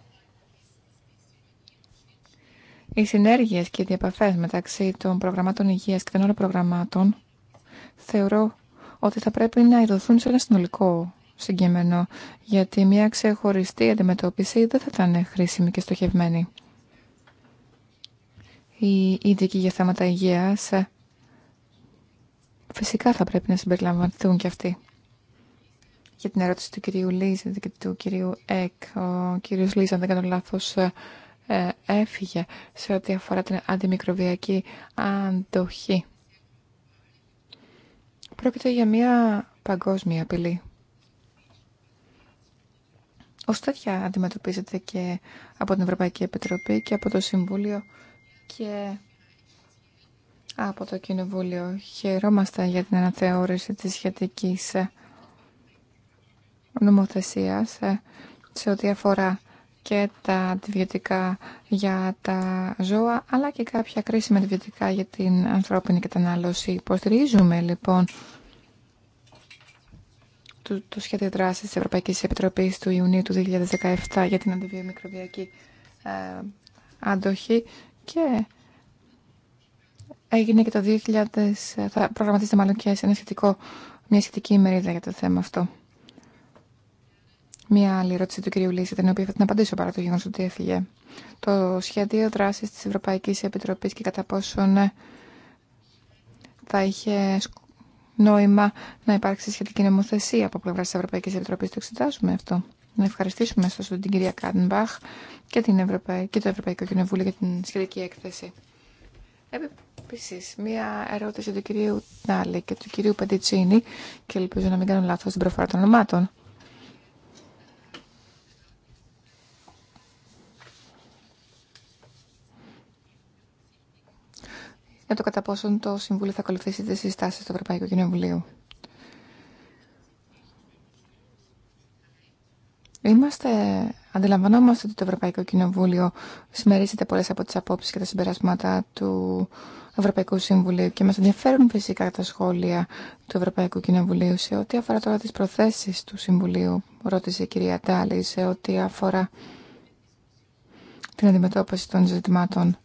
Οι συνέργειες και οι διαπαφές μεταξύ των προγραμμάτων υγείας και των άλλων προγραμμάτων θεωρώ ότι θα πρέπει να ειδωθούν σε ένα συνολικό συγκεκριμένο, γιατί μια ξεχωριστή αντιμετώπιση δεν θα ήταν χρήσιμη και στοχευμένη. Οι ειδικοί για θέματα υγείας φυσικά θα πρέπει να συμπεριλαμβανθούν και αυτοί. Για την ερώτηση του κυρίου Λίζα και του κυρίου Εκ, ο κύριος Λίζα, αν δεν κάνω λάθος, ε, ε, έφυγε σε ό,τι αφορά την αντιμικροβιακή αντοχή. Πρόκειται για μια παγκόσμια απειλή. Ω τέτοια αντιμετωπίζεται και από την Ευρωπαϊκή Επιτροπή και από το Συμβούλιο και από το Κοινοβούλιο. Χαιρόμαστε για την αναθεώρηση της σχετικής ε, νομοθεσίας ε, σε ό,τι αφορά και τα αντιβιωτικά για τα ζώα, αλλά και κάποια κρίσιμα αντιβιωτικά για την ανθρώπινη κατανάλωση. Υποστηρίζουμε λοιπόν το, το σχέδιο δράση της Ευρωπαϊκής Επιτροπής του Ιουνίου του 2017 για την αντιβιομικροβιακή ε, αντοχή και έγινε και το 2000, ε, θα προγραμματίσετε μάλλον και σε ένα σχετικό, μια σχετική ημερίδα για το θέμα αυτό. Μία άλλη ερώτηση του κυρίου Λύση, την οποία θα την απαντήσω παρά το γεγονό ότι έφυγε. Το σχέδιο δράση τη Ευρωπαϊκή Επιτροπή και κατά πόσον ε, θα είχε νόημα να υπάρξει σχετική νομοθεσία από πλευρά τη Ευρωπαϊκή Επιτροπή. Το εξετάζουμε αυτό. Να ευχαριστήσουμε ωστόσο την κυρία Κάντενμπαχ και, Ευρωπαϊ... και το Ευρωπαϊκό Κοινοβούλιο για την σχετική έκθεση. Επίση, μία ερώτηση του κυρίου Νάλη και του κυρίου Παντιτσίνη και ελπίζω να μην κάνω λάθο στην προφορά των ονομάτων. Για το κατά πόσον το Συμβούλιο θα ακολουθήσει τι συστάσει του Ευρωπαϊκού Κοινοβουλίου. Είμαστε, αντιλαμβανόμαστε ότι το Ευρωπαϊκό Κοινοβούλιο συμμερίζεται πολλές από τις απόψεις και τα συμπεράσματα του Ευρωπαϊκού Συμβουλίου και μας ενδιαφέρουν φυσικά τα σχόλια του Ευρωπαϊκού Κοινοβουλίου σε ό,τι αφορά τώρα τις προθέσεις του Συμβουλίου, ρώτησε η κυρία Τάλη, σε ό,τι αφορά την αντιμετώπιση των ζητημάτων.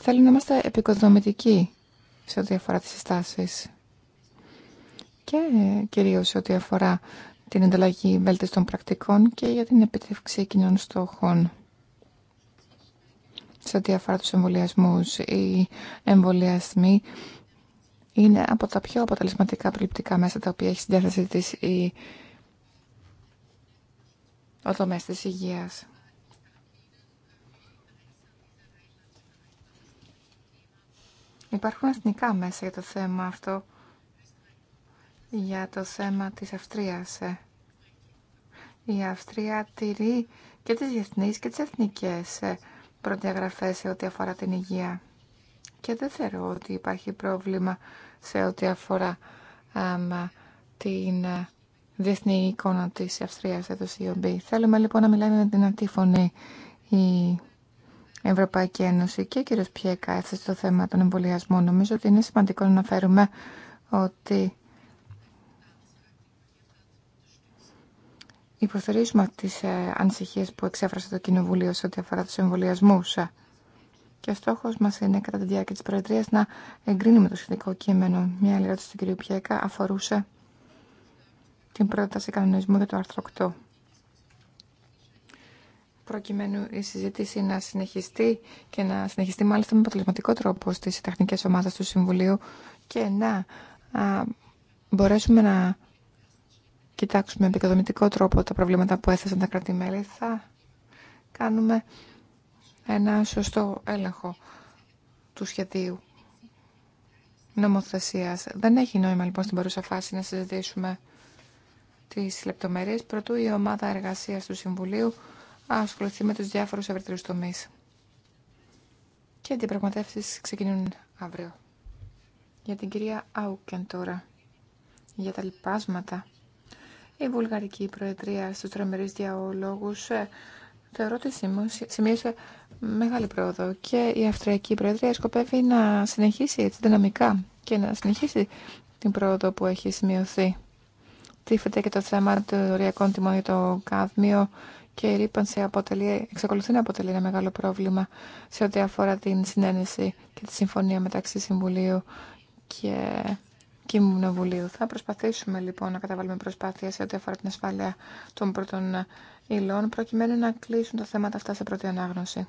Θέλω να είμαστε επικοδομητικοί σε ό,τι αφορά τις συστάσεις και κυρίως ό,τι αφορά την ανταλλαγή βέλτιστων πρακτικών και για την επιτεύξη κοινών στόχων. Σε ό,τι αφορά τους εμβολιασμού, οι εμβολιασμοί είναι από τα πιο αποτελεσματικά προληπτικά μέσα τα οποία έχει στην της η... ο τομέας της υγείας. Υπάρχουν εθνικά μέσα για το θέμα αυτό για το θέμα της Αυστρίας. Ε. Η Αυστρία τηρεί και τις διεθνείς και τις εθνικές ε, προδιαγραφές σε ό,τι αφορά την υγεία. Και δεν θεωρώ ότι υπάρχει πρόβλημα σε ό,τι αφορά την ε, διεθνή εικόνα της Αυστρίας εδώ στη ΙΟΜΠΗ. Θέλουμε λοιπόν να μιλάμε με την αντίφωνη η Ευρωπαϊκή Ένωση και ο κύριος Πιέκα έφτασε στο θέμα των εμβολιασμών. Νομίζω ότι είναι σημαντικό να αναφέρουμε ότι υποστηρίζουμε τις ε, ανησυχίες που εξέφρασε το Κοινοβούλιο σε ό,τι αφορά του εμβολιασμού. Και ο στόχος μας είναι κατά τη διάρκεια τη Προεδρίας να εγκρίνουμε το σχετικό κείμενο. Μια άλλη ερώτηση του κ. Πιέκα αφορούσε την πρόταση κανονισμού για το άρθρο 8. Προκειμένου η συζήτηση να συνεχιστεί και να συνεχιστεί μάλιστα με αποτελεσματικό τρόπο στις τεχνικές ομάδες του Συμβουλίου και να α, μπορέσουμε να κοιτάξουμε με επικοδομητικό τρόπο τα προβλήματα που έθεσαν τα κρατημέλη. θα κάνουμε ένα σωστό έλεγχο του σχεδίου νομοθεσίας. Δεν έχει νόημα λοιπόν στην παρούσα φάση να συζητήσουμε τις λεπτομέρειες. Πρωτού η ομάδα εργασίας του Συμβουλίου ασχοληθεί με τους διάφορους ευρύτερους τομείς. Και οι διαπραγματεύσει ξεκινούν αύριο. Για την κυρία Άουκεν τώρα, για τα λοιπάσματα η Βουλγαρική Προεδρία στους τρομερείς διαολόγους ε, θεωρώ ότι σημείωσε μεγάλη πρόοδο και η Αυστριακή Προεδρία σκοπεύει να συνεχίσει έτσι δυναμικά και να συνεχίσει την πρόοδο που έχει σημειωθεί. Τίφεται και το θέμα του οριακών τιμών για το καδμίο και η ρήπανση αποτελεί, εξακολουθεί να αποτελεί ένα μεγάλο πρόβλημα σε ό,τι αφορά την συνένεση και τη συμφωνία μεταξύ Συμβουλίου και Κοινοβουλίου. Θα προσπαθήσουμε λοιπόν να καταβάλουμε προσπάθεια σε ό,τι αφορά την ασφάλεια των πρώτων υλών, προκειμένου να κλείσουν τα θέματα αυτά σε πρώτη ανάγνωση.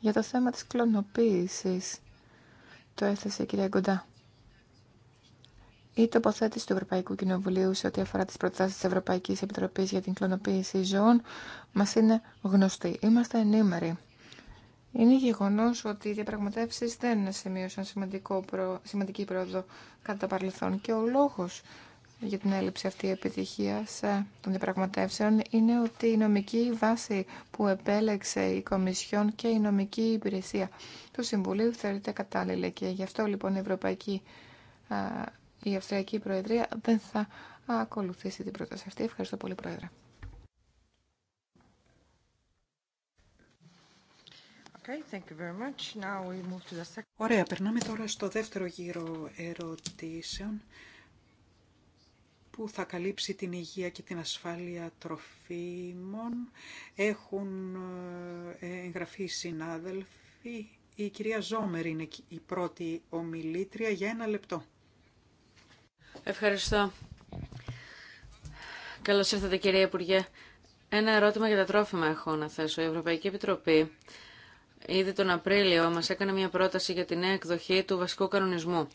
Για το θέμα της κλωνοποίησης, το έθεσε η κυρία Γκοντά. Η τοποθέτηση του Ευρωπαϊκού Κοινοβουλίου σε ό,τι αφορά τις προτάσεις της Ευρωπαϊκής Επιτροπής για την κλωνοποίηση ζώων μας είναι γνωστή. Είμαστε ενήμεροι είναι γεγονό ότι οι διαπραγματεύσεις δεν σημείωσαν σημαντικό προ... σημαντική πρόοδο κατά το παρελθόν και ο λόγος για την έλλειψη αυτή επιτυχίας ε, των διαπραγματεύσεων είναι ότι η νομική βάση που επέλεξε η Κομισιόν και η νομική υπηρεσία του Συμβουλίου θεωρείται κατάλληλη και γι' αυτό λοιπόν η Ευρωπαϊκή ε, η Αυστριακή Προεδρία δεν θα ακολουθήσει την πρόταση αυτή. Ευχαριστώ πολύ Πρόεδρε. Ωραία, περνάμε τώρα στο δεύτερο γύρο ερωτήσεων που θα καλύψει την υγεία και την ασφάλεια τροφίμων. Έχουν ε, εγγραφεί συνάδελφοι. Η κυρία Ζόμερ είναι η πρώτη ομιλήτρια για ένα λεπτό. Ευχαριστώ. Καλώς ήρθατε κυρία Υπουργέ. Ένα ερώτημα για τα τρόφιμα έχω να θέσω. Η Ευρωπαϊκή Επιτροπή ήδη τον Απρίλιο μας έκανε μια πρόταση για την νέα εκδοχή του βασικού κανονισμού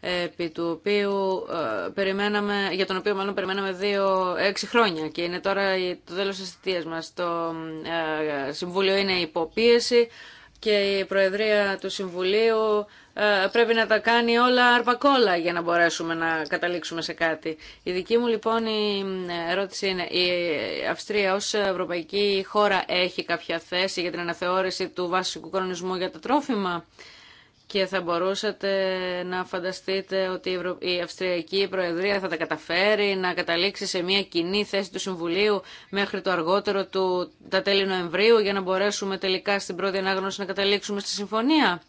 επί του οποίου ε, περιμέναμε, για τον οποίο μάλλον περιμέναμε δύο, έξι χρόνια και είναι τώρα το τέλος της θητείας μας. Το ε, Συμβούλιο είναι υποπίεση και η Προεδρία του Συμβουλίου ε, πρέπει να τα κάνει όλα αρπακόλα για να μπορέσουμε να καταλήξουμε σε κάτι. Η δική μου λοιπόν η ερώτηση είναι, η Αυστρία ως ευρωπαϊκή χώρα έχει κάποια θέση για την αναθεώρηση του βασικού κανονισμού για τα τρόφιμα και θα μπορούσατε να φανταστείτε ότι η Αυστριακή Προεδρία θα τα καταφέρει να καταλήξει σε μια κοινή θέση του Συμβουλίου μέχρι το αργότερο του τα τέλη Νοεμβρίου για να μπορέσουμε τελικά στην πρώτη ανάγνωση να καταλήξουμε στη συμφωνία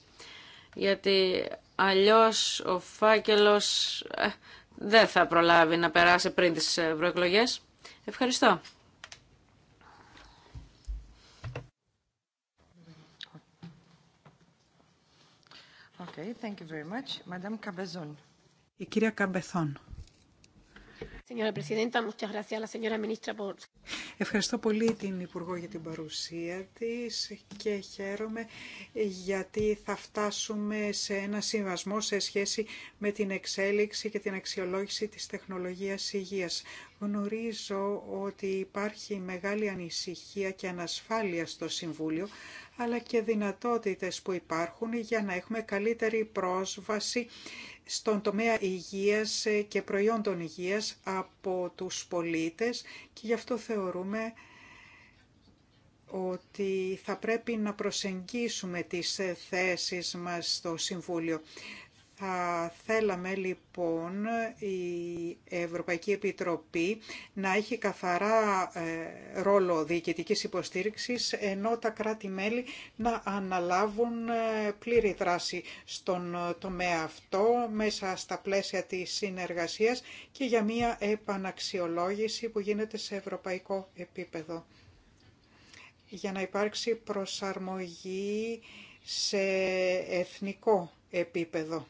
γιατί αλλιώς ο φάκελος ε, δεν θα προλάβει να περάσει πριν τις ε, ευρωεκλογέ. Ευχαριστώ. Okay, thank Η κυρία Καμπεθόν. Ευχαριστώ πολύ την Υπουργό για την παρουσία της και χαίρομαι γιατί θα φτάσουμε σε ένα συμβασμό σε σχέση με την εξέλιξη και την αξιολόγηση της τεχνολογίας υγείας. Γνωρίζω ότι υπάρχει μεγάλη ανησυχία και ανασφάλεια στο Συμβούλιο, αλλά και δυνατότητες που υπάρχουν για να έχουμε καλύτερη πρόσβαση στον τομέα υγείας και προϊόντων υγείας από τους πολίτες και γι' αυτό θεωρούμε ότι θα πρέπει να προσεγγίσουμε τις θέσεις μας στο Συμβούλιο. Θα θέλαμε λοιπόν η Ευρωπαϊκή Επιτροπή να έχει καθαρά ε, ρόλο διοικητικής υποστήριξης ενώ τα κράτη-μέλη να αναλάβουν ε, πλήρη δράση στον ε, τομέα αυτό μέσα στα πλαίσια της συνεργασίας και για μια επαναξιολόγηση που γίνεται σε ευρωπαϊκό επίπεδο για να υπάρξει προσαρμογή σε εθνικό επίπεδο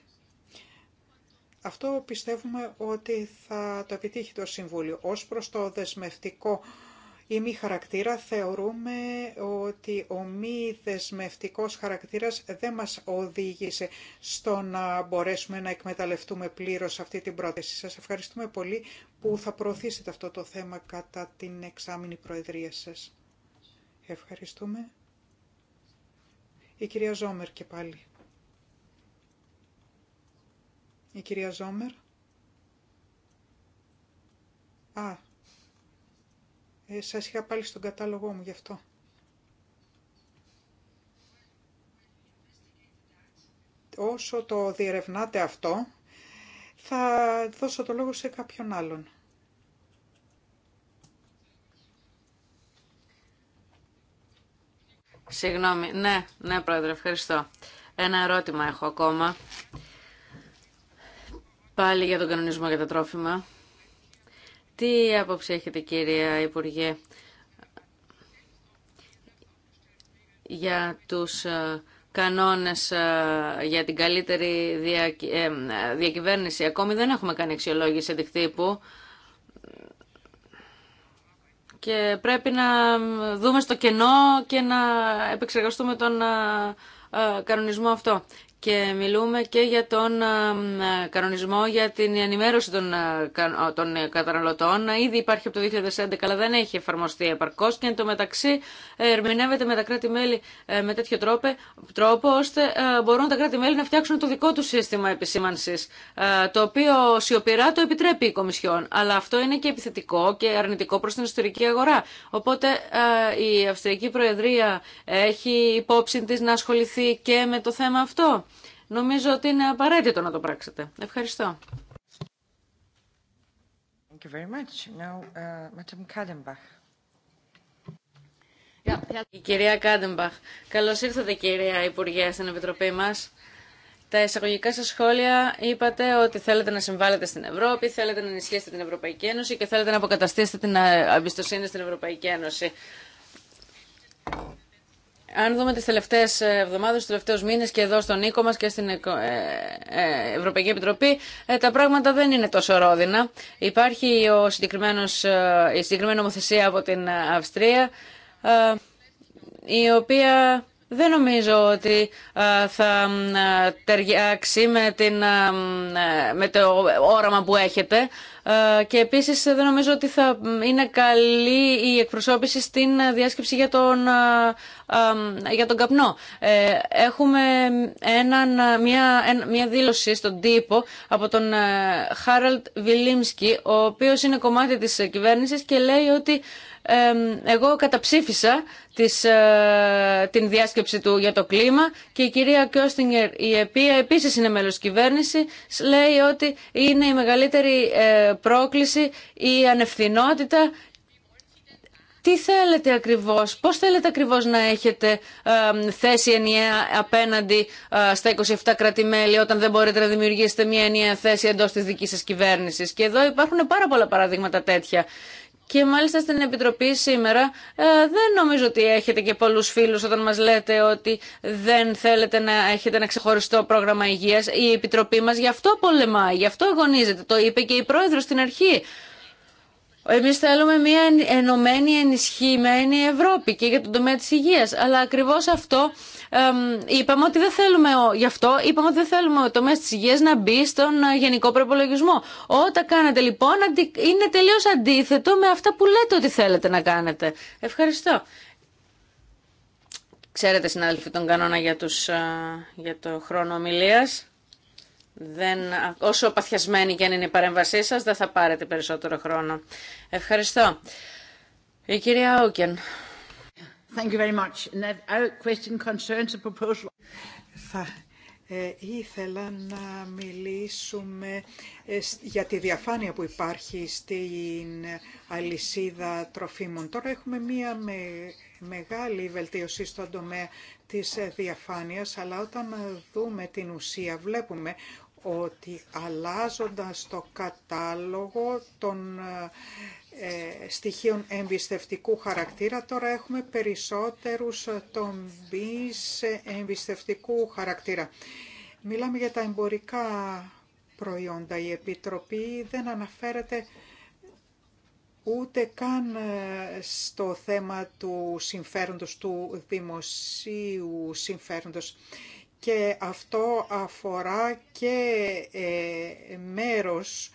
αυτό πιστεύουμε ότι θα το επιτύχει το Συμβούλιο. Ως προς το δεσμευτικό ή μη χαρακτήρα θεωρούμε ότι ο μη δεσμευτικός χαρακτήρας δεν μας οδήγησε στο να μπορέσουμε να εκμεταλλευτούμε πλήρως αυτή την πρόταση. Σας ευχαριστούμε πολύ που θα προωθήσετε αυτό το θέμα κατά την εξάμεινη προεδρία σας. Ευχαριστούμε. Η κυρία Ζόμερ και πάλι. Η κυρία Ζόμερ. Α, ε, σας είχα πάλι στον κατάλογό μου γι' αυτό. Όσο το διερευνάτε αυτό, θα δώσω το λόγο σε κάποιον άλλον. Συγγνώμη. Ναι, ναι, πρόεδρε, ευχαριστώ. Ένα ερώτημα έχω ακόμα Πάλι για τον κανονισμό για τα τρόφιμα. Τι άποψη έχετε κύριε Υπουργέ για τους ε, κανόνες ε, για την καλύτερη ε, διακυβέρνηση. Ακόμη δεν έχουμε κάνει αξιολόγηση αντικτύπου και πρέπει να δούμε στο κενό και να επεξεργαστούμε τον κανονισμό αυτό και μιλούμε και για τον κανονισμό για την ενημέρωση των, των καταναλωτών. Ήδη υπάρχει από το 2011, αλλά δεν έχει εφαρμοστεί επαρκώς και εν τω μεταξύ ερμηνεύεται με τα κράτη-μέλη ε, με τέτοιο τρόπο, ώστε ε, μπορούν τα κράτη-μέλη να φτιάξουν το δικό του σύστημα επισήμανσης, ε, το οποίο σιωπηρά το επιτρέπει η Κομισιόν. Αλλά αυτό είναι και επιθετικό και αρνητικό προς την ιστορική αγορά. Οπότε η Αυστριακή Προεδρία έχει υπόψη της να ασχοληθεί και με το θέμα αυτό. Νομίζω ότι είναι απαραίτητο να το πράξετε. Ευχαριστώ. Uh, Η κυρία Κάντεμπαχ, καλώ ήρθατε κυρία Υπουργέ στην Επιτροπή μας. Τα εισαγωγικά σα σχόλια είπατε ότι θέλετε να συμβάλλετε στην Ευρώπη, θέλετε να ενισχύσετε την Ευρωπαϊκή Ένωση και θέλετε να αποκαταστήσετε την ε, εμπιστοσύνη στην Ευρωπαϊκή Ένωση. Αν δούμε τις τελευταίες εβδομάδες, τους τελευταίους μήνες και εδώ στον οίκο μα και στην ε, ε, Ευρωπαϊκή Επιτροπή, ε, τα πράγματα δεν είναι τόσο ρόδινα. Υπάρχει ο η συγκεκριμένη νομοθεσία από την Αυστρία, η οποία δεν νομίζω ότι θα ταιριάξει την, με το όραμα που έχετε. Ε, και επίσης δεν νομίζω ότι θα είναι καλή η εκπροσώπηση στην διάσκεψη για τον, ε, ε, για τον καπνό. Έχουμε έναν, μια, δήλωση στον τύπο από τον Χάραλτ Βιλίμσκι, ο οποίο είναι κομμάτι της κυβέρνηση και λέει ότι εγώ καταψήφισα της, την διάσκεψη του για το κλίμα και η κυρία Κιώστιγκερ, η οποία επίσης είναι μέλος κυβέρνησης, λέει ότι είναι η μεγαλύτερη πρόκληση η ανευθυνότητα. Τι θέλετε ακριβώς, πώς θέλετε ακριβώς να έχετε ε, θέση ενιαία απέναντι ε, στα 27 κρατημέλη όταν δεν μπορείτε να δημιουργήσετε μια ενιαία θέση εντός της δικής σας κυβέρνησης. Και εδώ υπάρχουν πάρα πολλά παραδείγματα τέτοια. Και μάλιστα στην Επιτροπή σήμερα ε, δεν νομίζω ότι έχετε και πολλούς φίλους όταν μας λέτε ότι δεν θέλετε να έχετε ένα ξεχωριστό πρόγραμμα υγείας. Η Επιτροπή μας γι' αυτό πολεμάει, γι' αυτό αγωνίζεται. Το είπε και η Πρόεδρος στην αρχή. Εμεί θέλουμε μια ενωμένη, ενισχυμένη Ευρώπη και για τον τομέα της υγείας. Αλλά ακριβώς αυτό είπαμε ότι δεν θέλουμε, γι' αυτό είπαμε ότι δεν θέλουμε το τομέα τη υγεία να μπει στον ε, γενικό προπολογισμό. Όταν κάνετε λοιπόν, είναι τελείω αντίθετο με αυτά που λέτε ότι θέλετε να κάνετε. Ευχαριστώ. Ξέρετε, συνάδελφοι, τον κανόνα για, τους, ε, για το χρόνο ομιλία. Δεν, όσο παθιασμένη και αν είναι η παρέμβασή σας, δεν θα πάρετε περισσότερο χρόνο. Ευχαριστώ. Η κυρία Όκεν. Thank you very much. And question proposal. Ε, ήθελα να μιλήσουμε ε, για τη διαφάνεια που υπάρχει στην αλυσίδα τροφίμων. Τώρα έχουμε μία με, μεγάλη βελτίωση στον τομέα της ε, διαφάνειας, αλλά όταν δούμε την ουσία βλέπουμε ότι αλλάζοντας το κατάλογο των ε, στοιχείων εμπιστευτικού χαρακτήρα. Τώρα έχουμε περισσότερους τομείς εμπιστευτικού χαρακτήρα. Μιλάμε για τα εμπορικά προϊόντα. Η Επιτροπή δεν αναφέρεται ούτε καν ε, στο θέμα του συμφέροντος, του δημοσίου συμφέροντος. Και αυτό αφορά και ε, μέρος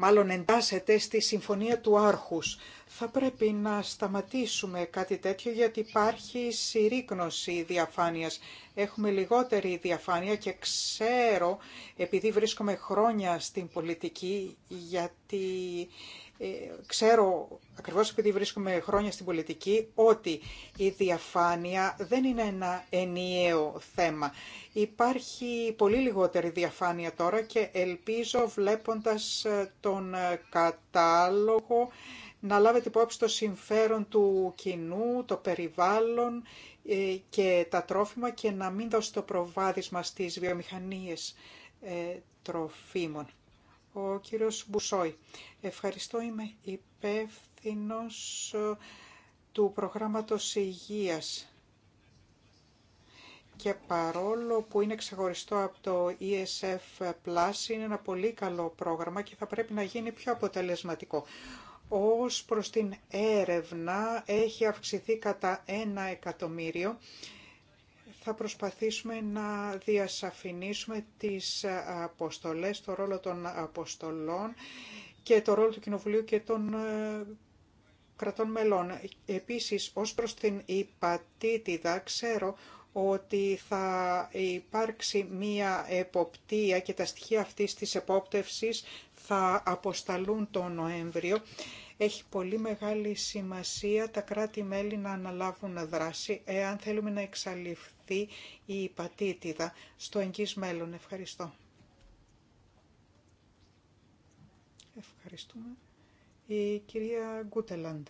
μάλλον εντάσσεται στη Συμφωνία του Άρχους. Θα πρέπει να σταματήσουμε κάτι τέτοιο γιατί υπάρχει συρρήκνωση διαφάνειας. Έχουμε λιγότερη διαφάνεια και ξέρω, επειδή βρίσκομαι χρόνια στην πολιτική, γιατί ε, ξέρω, ακριβώς επειδή βρίσκομαι χρόνια στην πολιτική, ότι η διαφάνεια δεν είναι ένα ενιαίο θέμα. Υπάρχει πολύ λιγότερη διαφάνεια τώρα και ελπίζω βλέποντας ε, τον ε, κατάλογο να λάβετε υπόψη το συμφέρον του κοινού, το περιβάλλον και τα τρόφιμα και να μην δώσει το προβάδισμα στις βιομηχανίες τροφίμων. Ο κύριος Μπουσόη. Ευχαριστώ, είμαι υπεύθυνο ε, του προγράμματος υγείας και παρόλο που είναι ξεχωριστό από το ESF Plus είναι ένα πολύ καλό πρόγραμμα και θα πρέπει να γίνει πιο αποτελεσματικό. Ως προς την έρευνα έχει αυξηθεί κατά ένα εκατομμύριο θα προσπαθήσουμε να διασαφηνίσουμε τις αποστολές, το ρόλο των αποστολών και το ρόλο του Κοινοβουλίου και των ε, κρατών μελών. Επίσης, ως προς την υπατήτηδα, ξέρω ότι θα υπάρξει μία εποπτεία και τα στοιχεία αυτής της επόπτευσης θα αποσταλούν τον Νοέμβριο. Έχει πολύ μεγάλη σημασία τα κράτη-μέλη να αναλάβουν δράση εάν θέλουμε να εξαλειφθούν η υπατήτηδα στο εγγύς μέλλον. Ευχαριστώ. Ευχαριστούμε. Η κυρία Γκούτελαντ.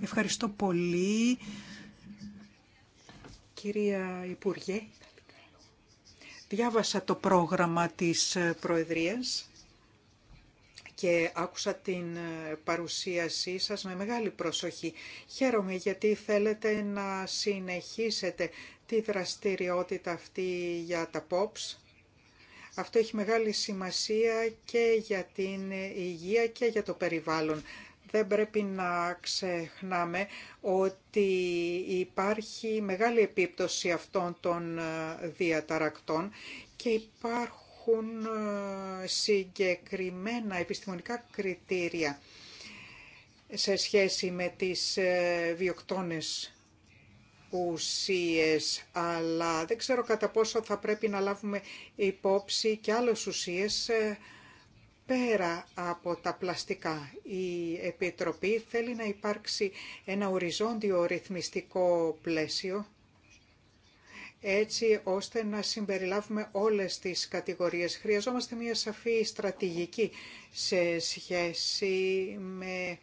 Ευχαριστώ πολύ, κυρία Υπουργέ. Διάβασα το πρόγραμμα της Προεδρίας και άκουσα την ε, παρουσίασή σας με μεγάλη προσοχή. Χαίρομαι γιατί θέλετε να συνεχίσετε τη δραστηριότητα αυτή για τα POPs. Αυτό έχει μεγάλη σημασία και για την υγεία και για το περιβάλλον. Δεν πρέπει να ξεχνάμε ότι υπάρχει μεγάλη επίπτωση αυτών των ε, διαταρακτών και υπάρχουν έχουν ε, συγκεκριμένα επιστημονικά κριτήρια σε σχέση με τις ε, βιοκτόνες ουσίες, αλλά δεν ξέρω κατά πόσο θα πρέπει να λάβουμε υπόψη και άλλες ουσίες ε, πέρα από τα πλαστικά. Η Επιτροπή θέλει να υπάρξει ένα οριζόντιο ρυθμιστικό πλαίσιο έτσι ώστε να συμπεριλάβουμε όλες τις κατηγορίες. Χρειαζόμαστε μια σαφή στρατηγική σε σχέση με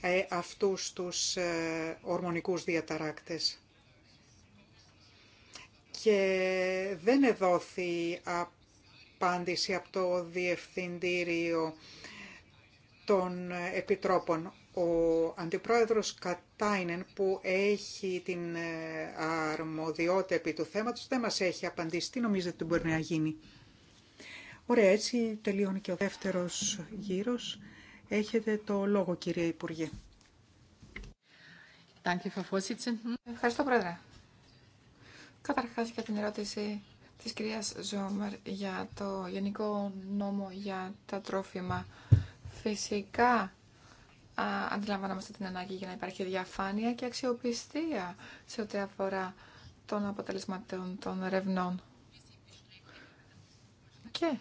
ε, αυτούς τους ε, ορμονικούς διαταράκτες. Και δεν εδόθη απάντηση από το Διευθυντήριο των Επιτρόπων ο αντιπρόεδρος Κατάινεν που έχει την ε, αρμοδιότητα επί του θέματος δεν μας έχει απαντήσει. Τι νομίζετε ότι μπορεί να γίνει. Ωραία, έτσι τελειώνει και ο δεύτερος γύρος. Έχετε το λόγο κύριε Υπουργέ. Ευχαριστώ πρόεδρε. Καταρχάς για την ερώτηση της κυρίας Ζόμερ για το Γενικό Νόμο για τα Τρόφιμα. Φυσικά αντιλαμβανόμαστε την ανάγκη για να υπάρχει διαφάνεια και αξιοπιστία σε ό,τι αφορά των αποτελεσματών των ερευνών. Και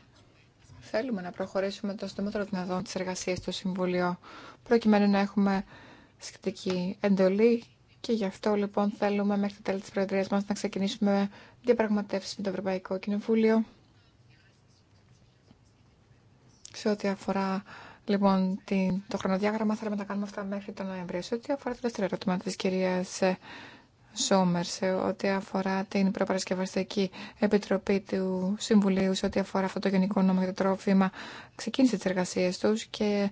θέλουμε να προχωρήσουμε το των δυνατών τις εργασίες στο Συμβουλίο, προκειμένου να έχουμε σχετική εντολή και γι' αυτό λοιπόν θέλουμε μέχρι το τέλη της Προεδρίας μας να ξεκινήσουμε διαπραγματεύσεις με το Ευρωπαϊκό Κοινοβούλιο σε ό,τι αφορά Λοιπόν, το χρονοδιάγραμμα θέλουμε να κάνουμε αυτά μέχρι τον Νοέμβριο. Σε ό,τι αφορά το δεύτερο ερώτημα τη κυρία ε, Σόμερ, σε ό,τι αφορά την προπαρασκευαστική επιτροπή του Συμβουλίου, σε ό,τι αφορά αυτό το γενικό νόμο για το τρόφιμα, ξεκίνησε τι εργασίε του και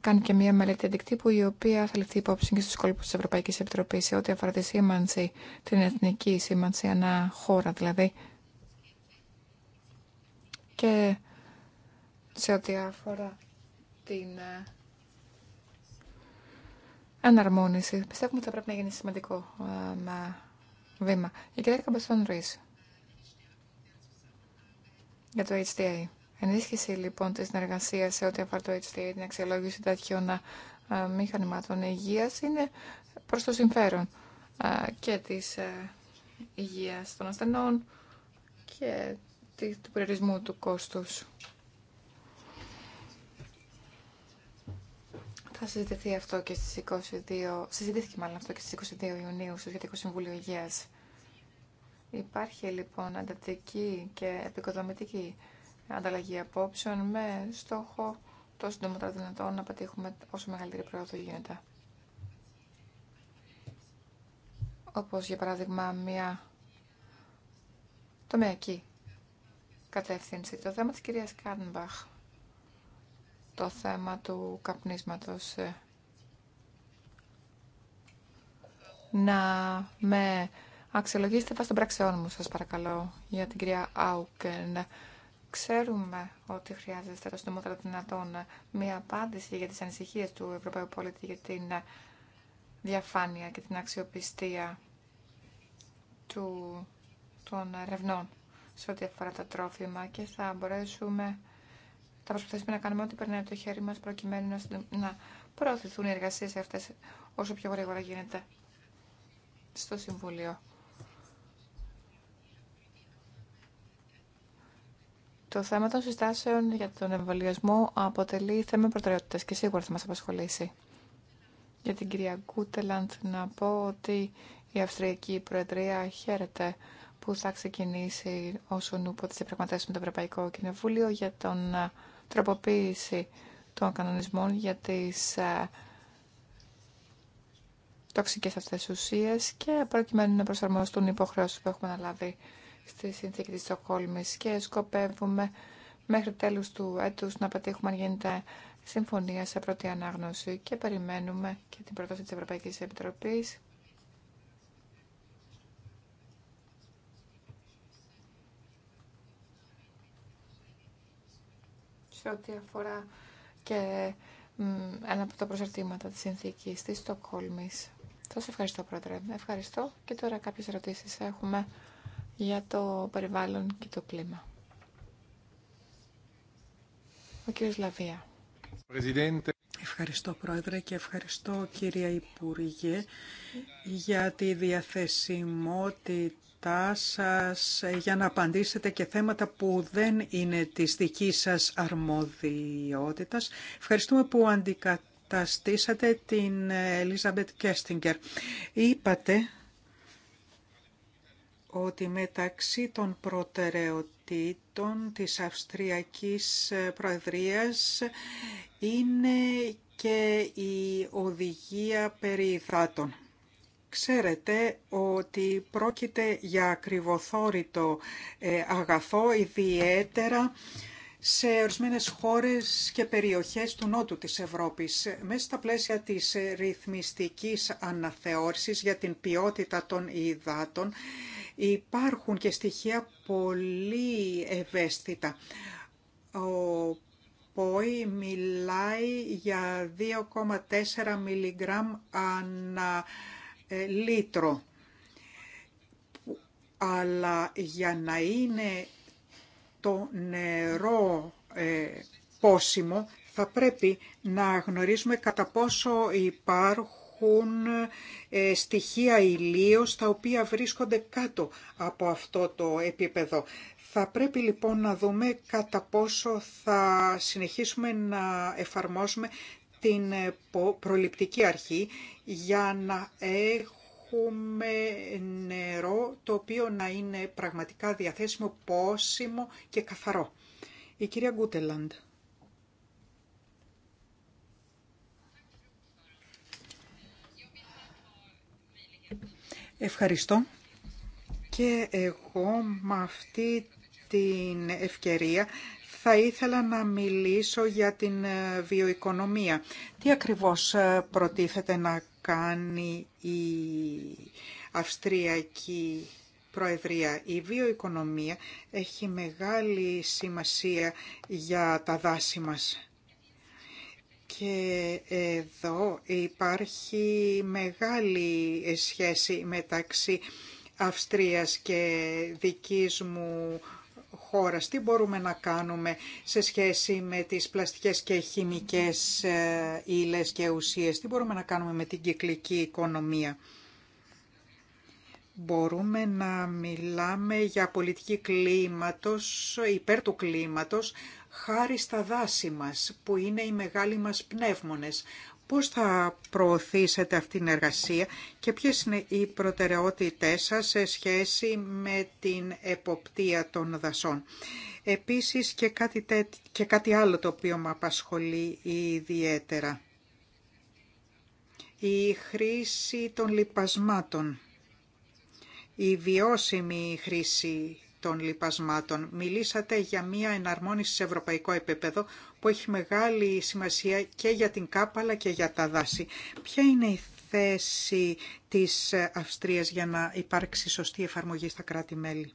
κάνει και μία μελέτη αντικτύπου η οποία θα ληφθεί υπόψη και στους κόλπου τη Ευρωπαϊκή Επιτροπή, σε ό,τι αφορά τη σήμανση, την εθνική σήμανση ανά χώρα δηλαδή. Και σε ό,τι αφορά την αναρμόνιση. Ε, Πιστεύουμε ότι θα πρέπει να γίνει σημαντικό ε, βήμα. Η κυρία Καμπαστόν Ρουίς για το HTA. Ενίσχυση λοιπόν τη συνεργασία σε ό,τι αφορά το HDA, την αξιολόγηση τέτοιων ε, μηχανημάτων υγεία είναι προ το συμφέρον και τη υγεία των ασθενών και του περιορισμού του κόστους. Θα συζητηθεί αυτό και στις 22... Συζητήθηκε μάλλον αυτό και στις 22 Ιουνίου στο Σχετικό Συμβούλιο Υγείας. Υπάρχει λοιπόν αντατική και επικοδομητική ανταλλαγή απόψεων με στόχο το συντομότερα δυνατόν να πετύχουμε όσο μεγαλύτερη πρόοδο γίνεται. Όπως για παράδειγμα μια τομεακή κατεύθυνση. Το θέμα της κυρίας Κάρνμπαχ το θέμα του καπνίσματος. Να με αξιολογήσετε βάσει των πραξεών μου, σας παρακαλώ, για την κυρία Άουκεν. Ξέρουμε ότι χρειάζεται το συντομότερο δυνατόν μία απάντηση για τις ανησυχίες του Ευρωπαϊκού Πολίτη για την διαφάνεια και την αξιοπιστία του, των ερευνών σε ό,τι αφορά τα τρόφιμα και θα μπορέσουμε θα προσπαθήσουμε να κάνουμε ό,τι περνάει από το χέρι μας προκειμένου να προωθηθούν οι εργασίες αυτές όσο πιο γρήγορα γίνεται στο Συμβούλιο. Το θέμα των συστάσεων για τον εμβολιασμό αποτελεί θέμα προτεραιότητας και σίγουρα θα μας απασχολήσει. Για την κυρία Κούτελαντ να πω ότι η Αυστριακή Προεδρία χαίρεται που θα ξεκινήσει όσον ούπο τι με το Ευρωπαϊκό Κοινοβούλιο για τον ε, τροποποίηση των κανονισμών για τις ε, τοξικές αυτές ουσίες και προκειμένου να προσαρμοστούν οι υποχρεώσεις που έχουμε αναλάβει στη συνθήκη της Στοκόλμης και σκοπεύουμε μέχρι τέλους του έτους να πετύχουμε αν γίνεται συμφωνία σε πρώτη ανάγνωση και περιμένουμε και την πρόταση της Ευρωπαϊκής Επιτροπής ό,τι αφορά και ένα από τα προσαρτήματα της συνθήκης της Στοκχόλμης. Σας ευχαριστώ, Πρόεδρε. Ευχαριστώ. Και τώρα κάποιες ερωτήσεις έχουμε για το περιβάλλον και το κλίμα. Ο κύριος Λαβία. Ευχαριστώ Πρόεδρε και ευχαριστώ κυρία Υπουργέ για τη διαθεσιμότητα μπροστά σας ε, για να απαντήσετε και θέματα που δεν είναι της δικής σας αρμοδιότητας. Ευχαριστούμε που αντικαταστήσατε την Ελίζαμπετ Κέστιγκερ. Είπατε ότι μεταξύ των προτεραιοτήτων της Αυστριακής ε, Προεδρίας είναι και η οδηγία περί υδάτων. Ξέρετε ότι πρόκειται για ακριβοθόρητο ε, αγαθό, ιδιαίτερα σε ορισμένες χώρες και περιοχές του νότου της Ευρώπης. Μέσα στα πλαίσια της ρυθμιστικής αναθεώρησης για την ποιότητα των υδάτων υπάρχουν και στοιχεία πολύ ευαίσθητα. Ο ΠΟΗ μιλάει για 2,4 μιλιγκράμμ ανά ε, λίτρο. Αλλά για να είναι το νερό ε, πόσιμο θα πρέπει να γνωρίζουμε κατά πόσο υπάρχουν ε, στοιχεία ηλίως τα οποία βρίσκονται κάτω από αυτό το επίπεδο. Θα πρέπει λοιπόν να δούμε κατά πόσο θα συνεχίσουμε να εφαρμόσουμε την ε, προληπτική αρχή για να έχουμε νερό το οποίο να είναι πραγματικά διαθέσιμο, πόσιμο και καθαρό. Η κυρία Γκούτελαντ. Ευχαριστώ. Και εγώ με αυτή την ευκαιρία θα ήθελα να μιλήσω για την ε, βιοοικονομία. Τι ακριβώς ε, προτίθεται να κάνει η Αυστριακή Προεδρία. Η βιοοικονομία έχει μεγάλη σημασία για τα δάση μας. Και εδώ υπάρχει μεγάλη σχέση μεταξύ Αυστρίας και δικής μου χώρας. Τι μπορούμε να κάνουμε σε σχέση με τις πλαστικές και χημικές ε, ύλες και ουσίες. Τι μπορούμε να κάνουμε με την κυκλική οικονομία. Μπορούμε να μιλάμε για πολιτική κλίματος, υπέρ του κλίματος, χάρη στα δάση μας, που είναι οι μεγάλοι μας πνεύμονες. Πώς θα προωθήσετε αυτήν την εργασία και ποιες είναι οι προτεραιότητές σας σε σχέση με την εποπτεία των δασών. Επίσης και κάτι, και κάτι άλλο το οποίο με απασχολεί ιδιαίτερα. Η χρήση των λιπασμάτων. Η βιώσιμη χρήση των λιπασμάτων. Μιλήσατε για μία εναρμόνιση σε ευρωπαϊκό επίπεδο που έχει μεγάλη σημασία και για την ΚΑΠ αλλά και για τα δάση. Ποια είναι η θέση της Αυστρίας για να υπάρξει σωστή εφαρμογή στα κράτη-μέλη.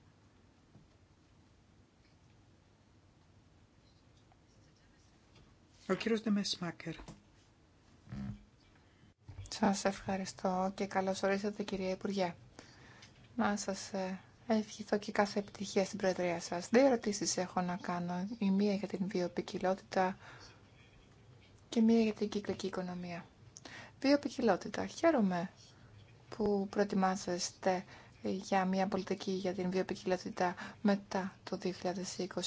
Ο κύριος Δεμεσμάκερ. Σας ευχαριστώ και καλώς ορίσατε κυρία Υπουργέ. Να σας ε, Ευχηθώ και κάθε επιτυχία στην Προεδρία σας. Δύο ερωτήσει έχω να κάνω. Η μία για την βιοπικιλότητα και μία για την κυκλική οικονομία. Βιοπικιλότητα. Χαίρομαι που προετοιμάζεστε για μια πολιτική για την βιοπικιλότητα μετά το 2020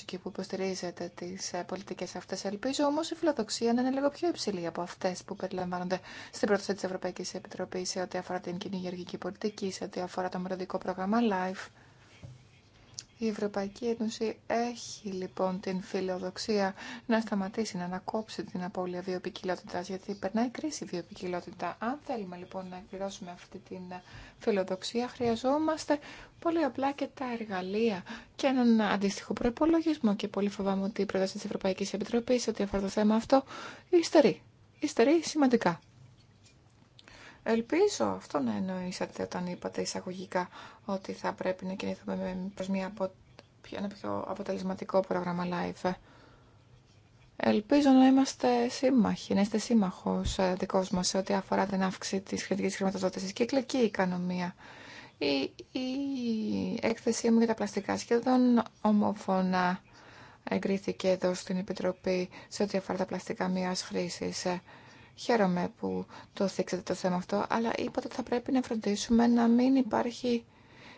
και που υποστηρίζετε τις ε, πολιτικές αυτές. Ελπίζω όμως η φιλοδοξία να είναι λίγο πιο υψηλή από αυτές που περιλαμβάνονται στην πρόταση της Ευρωπαϊκής Επιτροπής σε ό,τι αφορά την κοινή γεωργική πολιτική, σε ό,τι αφορά το μελλοντικό πρόγραμμα LIFE η Ευρωπαϊκή Ένωση έχει λοιπόν την φιλοδοξία να σταματήσει να ανακόψει την απώλεια βιοπικιλότητα, γιατί περνάει κρίση βιοπικιλότητα. Αν θέλουμε λοιπόν να εκπληρώσουμε αυτή την φιλοδοξία, χρειαζόμαστε πολύ απλά και τα εργαλεία και έναν αντίστοιχο προπολογισμό. Και πολύ φοβάμαι ότι η πρόταση τη Ευρωπαϊκή Επιτροπή ό,τι αφορά το θέμα αυτό υστερεί. Υστερεί σημαντικά. Ελπίζω αυτό να εννοήσατε όταν είπατε εισαγωγικά ότι θα πρέπει να κινηθούμε προς απο... ένα πιο αποτελεσματικό πρόγραμμα live. Ελπίζω να είμαστε σύμμαχοι, να είστε σύμμαχο ε, δικό μα σε ό,τι αφορά την αύξηση τη χρηματοδότησης χρηματοδότηση. Κυκλική οικονομία. Η, η έκθεσή μου για τα πλαστικά σχεδόν ομόφωνα εγκρίθηκε εδώ στην Επιτροπή σε ό,τι αφορά τα πλαστικά μια χρήση. Ε, Χαίρομαι που το θίξατε το θέμα αυτό, αλλά είπατε ότι θα πρέπει να φροντίσουμε να μην υπάρχει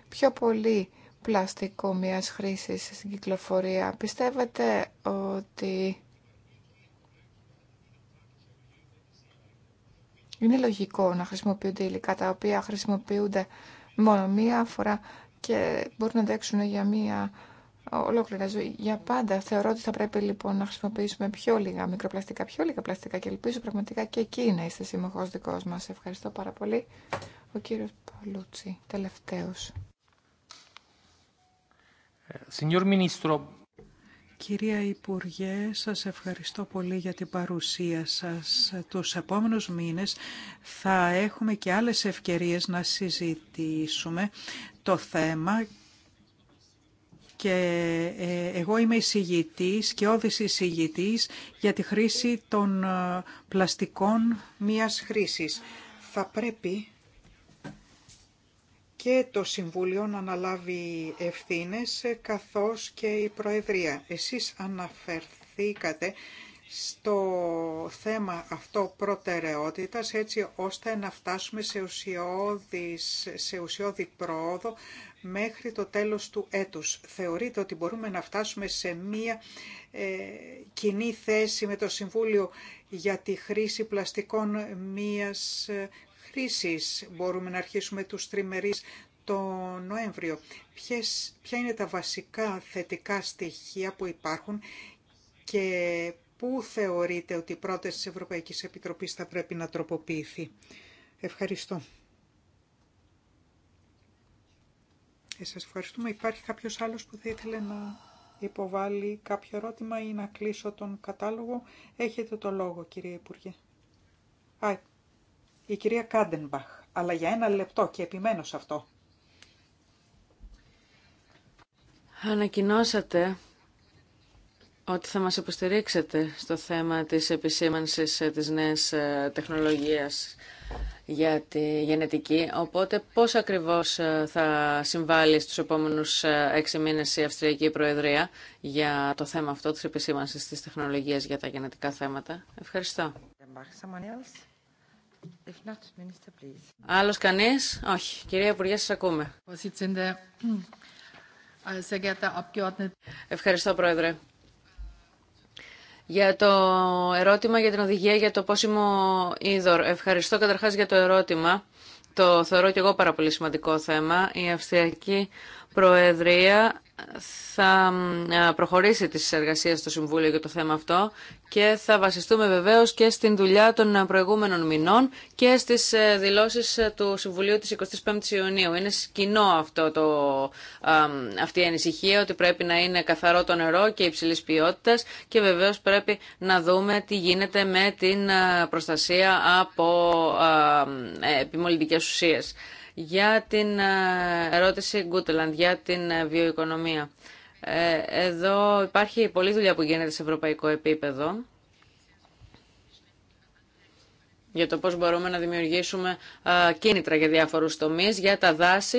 πιο πολύ πλαστικό μιας χρήσης στην κυκλοφορία. Πιστεύετε ότι είναι λογικό να χρησιμοποιούνται υλικά τα οποία χρησιμοποιούνται μόνο μία φορά και μπορούν να αντέξουν για μία ολόκληρη ζωή για πάντα. Θεωρώ ότι θα πρέπει λοιπόν να χρησιμοποιήσουμε πιο λίγα μικροπλαστικά, πιο λίγα πλαστικά και ελπίζω πραγματικά και εκεί να είστε σύμμαχο δικό μα. Ευχαριστώ πάρα πολύ. Ο κύριο Παλούτσι, τελευταίος. Κυρία Υπουργέ, σας ευχαριστώ πολύ για την παρουσία σας. Τους επόμενους μήνες θα έχουμε και άλλες ευκαιρίες να συζητήσουμε το θέμα και ε, εγώ είμαι εισηγητής και όδηση εισηγητής για τη χρήση των ε, πλαστικών μίας χρήσης. Θα πρέπει και το Συμβούλιο να αναλάβει ευθύνες καθώς και η Προεδρία. Εσείς αναφερθήκατε στο θέμα αυτό προτεραιότητας έτσι ώστε να φτάσουμε σε ουσιώδη, σε ουσιώδη πρόοδο μέχρι το τέλος του έτους. Θεωρείτε ότι μπορούμε να φτάσουμε σε μία ε, κοινή θέση με το Συμβούλιο για τη χρήση πλαστικών μίας ε, χρήσης. Μπορούμε να αρχίσουμε τους τριμερείς το Νοέμβριο. Ποιες, ποια είναι τα βασικά θετικά στοιχεία που υπάρχουν και Πού θεωρείτε ότι η πρόταση της Ευρωπαϊκής Επιτροπής θα πρέπει να τροποποιηθεί. Ευχαριστώ. Ε, σας ευχαριστούμε. Υπάρχει κάποιος άλλος που θα ήθελε να υποβάλει κάποιο ερώτημα ή να κλείσω τον κατάλογο. Έχετε το λόγο, κύριε Υπουργέ. Α, η κυρία Κάντενμπαχ, αλλά για ένα λεπτό και επιμένω σε αυτό. Ανακοινώσατε ότι θα μας υποστηρίξετε στο θέμα της επισήμανσης ε, της νέας ε, τεχνολογίας για τη γενετική. Οπότε πώς ακριβώς ε, θα συμβάλλει στους επόμενους έξι μήνες η Αυστριακή Προεδρία για το θέμα αυτό της επισήμανσης της τεχνολογίας για τα γενετικά θέματα. Ευχαριστώ. Άλλος κανείς? Όχι. Κυρία Υπουργέ, σας ακούμε. Äh, Ευχαριστώ, Πρόεδρε για το ερώτημα για την οδηγία για το πόσιμο είδωρ. Ευχαριστώ καταρχάς για το ερώτημα. Το θεωρώ και εγώ πάρα πολύ σημαντικό θέμα. Η Αυστριακή Προεδρία θα ε, προχωρήσει τις εργασίες στο Συμβούλιο για το θέμα αυτό και θα βασιστούμε βεβαίως και στην δουλειά των προηγούμενων μηνών και στις ε, δηλώσεις ε, του Συμβουλίου της 25ης Ιουνίου. Είναι σκηνό αυτό το, αυτή η ανησυχία ότι πρέπει να είναι καθαρό το νερό και υψηλή ποιότητα και βεβαίως πρέπει να δούμε τι γίνεται με την προστασία από επιμολυντικές ουσίες. Για την ε, ερώτηση Γκούτελαντ, για την ε, βιοοικονομία. Ε, εδώ υπάρχει πολλή δουλειά που γίνεται σε ευρωπαϊκό επίπεδο για το πώς μπορούμε να δημιουργήσουμε κίνητρα για διάφορους τομείς, για τα δάση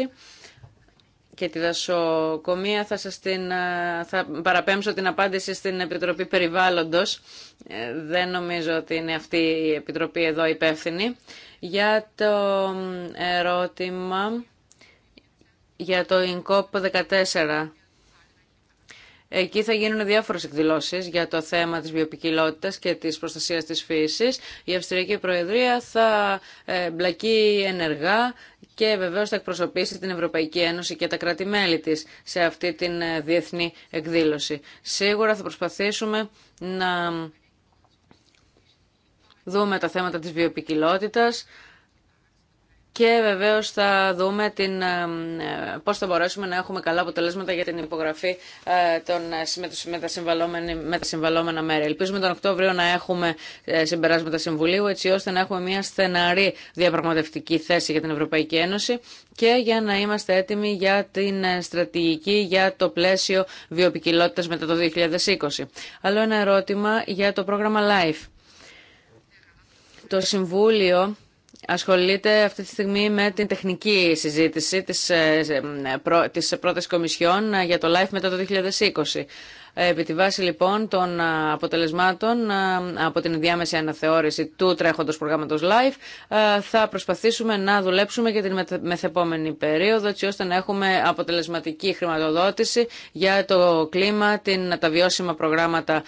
και τη δασοκομεία θα σας την, θα παραπέμψω την απάντηση στην Επιτροπή Περιβάλλοντος. Ε, δεν νομίζω ότι είναι αυτή η Επιτροπή εδώ υπεύθυνη. Για το ερώτημα για το ΙΝΚΟΠ 14 Εκεί θα γίνουν διάφορες εκδηλώσεις για το θέμα της βιοπικιλότητα και της προστασία της φύσης. Η Αυστριακή Προεδρία θα ε, μπλακεί ενεργά και βεβαίω θα εκπροσωπήσει την Ευρωπαϊκή Ένωση και τα κράτη-μέλη της σε αυτή την ε, διεθνή εκδήλωση. Σίγουρα θα προσπαθήσουμε να δούμε τα θέματα της βιοπικιλότητας, και βεβαίως θα δούμε την, ε, πώς θα μπορέσουμε να έχουμε καλά αποτελέσματα για την υπογραφή ε, των, ε, με, τα με τα συμβαλόμενα μέρη. Ελπίζουμε τον Οκτώβριο να έχουμε συμπεράσματα Συμβουλίου έτσι ώστε να έχουμε μια στεναρή διαπραγματευτική θέση για την Ευρωπαϊκή Ένωση και για να είμαστε έτοιμοι για την στρατηγική για το πλαίσιο βιοπικιλότητας μετά το 2020. Άλλο ένα ερώτημα για το πρόγραμμα LIFE. Το Συμβούλιο ασχολείται αυτή τη στιγμή με την τεχνική συζήτηση της, ε, ε, ε, της πρώτης κομισιόν για το Live μετά το 2020. Επί τη βάση λοιπόν των αποτελεσμάτων από την διάμεση αναθεώρηση του τρέχοντος προγράμματος LIFE θα προσπαθήσουμε να δουλέψουμε για την μεθεπόμενη περίοδο έτσι ώστε να έχουμε αποτελεσματική χρηματοδότηση για το κλίμα, την, τα βιώσιμα προγράμματα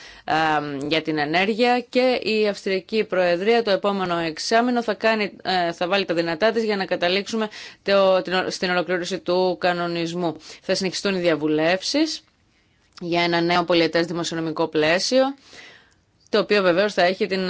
για την ενέργεια και η Αυστριακή Προεδρία το επόμενο εξάμεινο θα, κάνει, θα βάλει τα δυνατά της για να καταλήξουμε την, στην ολοκλήρωση του κανονισμού. Θα συνεχιστούν οι διαβουλεύσεις για ένα νέο πολιετές δημοσιονομικό πλαίσιο το οποίο βεβαίω θα, έχει την,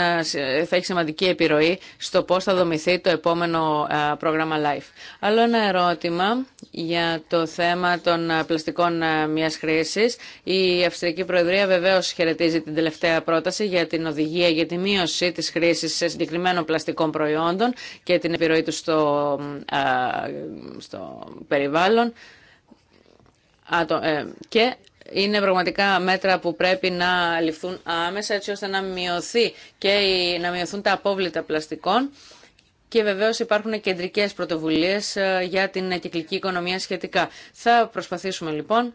θα έχει σημαντική επιρροή στο πώ θα δομηθεί το επόμενο πρόγραμμα LIFE. Άλλο ένα ερώτημα για το θέμα των πλαστικών μια χρήση. Η Αυστρική Προεδρία βεβαίω χαιρετίζει την τελευταία πρόταση για την οδηγία για τη μείωση τη χρήση σε συγκεκριμένων πλαστικών προϊόντων και την επιρροή του στο, στο περιβάλλον. Ε, και είναι πραγματικά μέτρα που πρέπει να ληφθούν άμεσα έτσι ώστε να, μειωθεί και να μειωθούν τα απόβλητα πλαστικών και βεβαίως υπάρχουν κεντρικές πρωτοβουλίες ε, για την κυκλική οικονομία σχετικά. Θα προσπαθήσουμε λοιπόν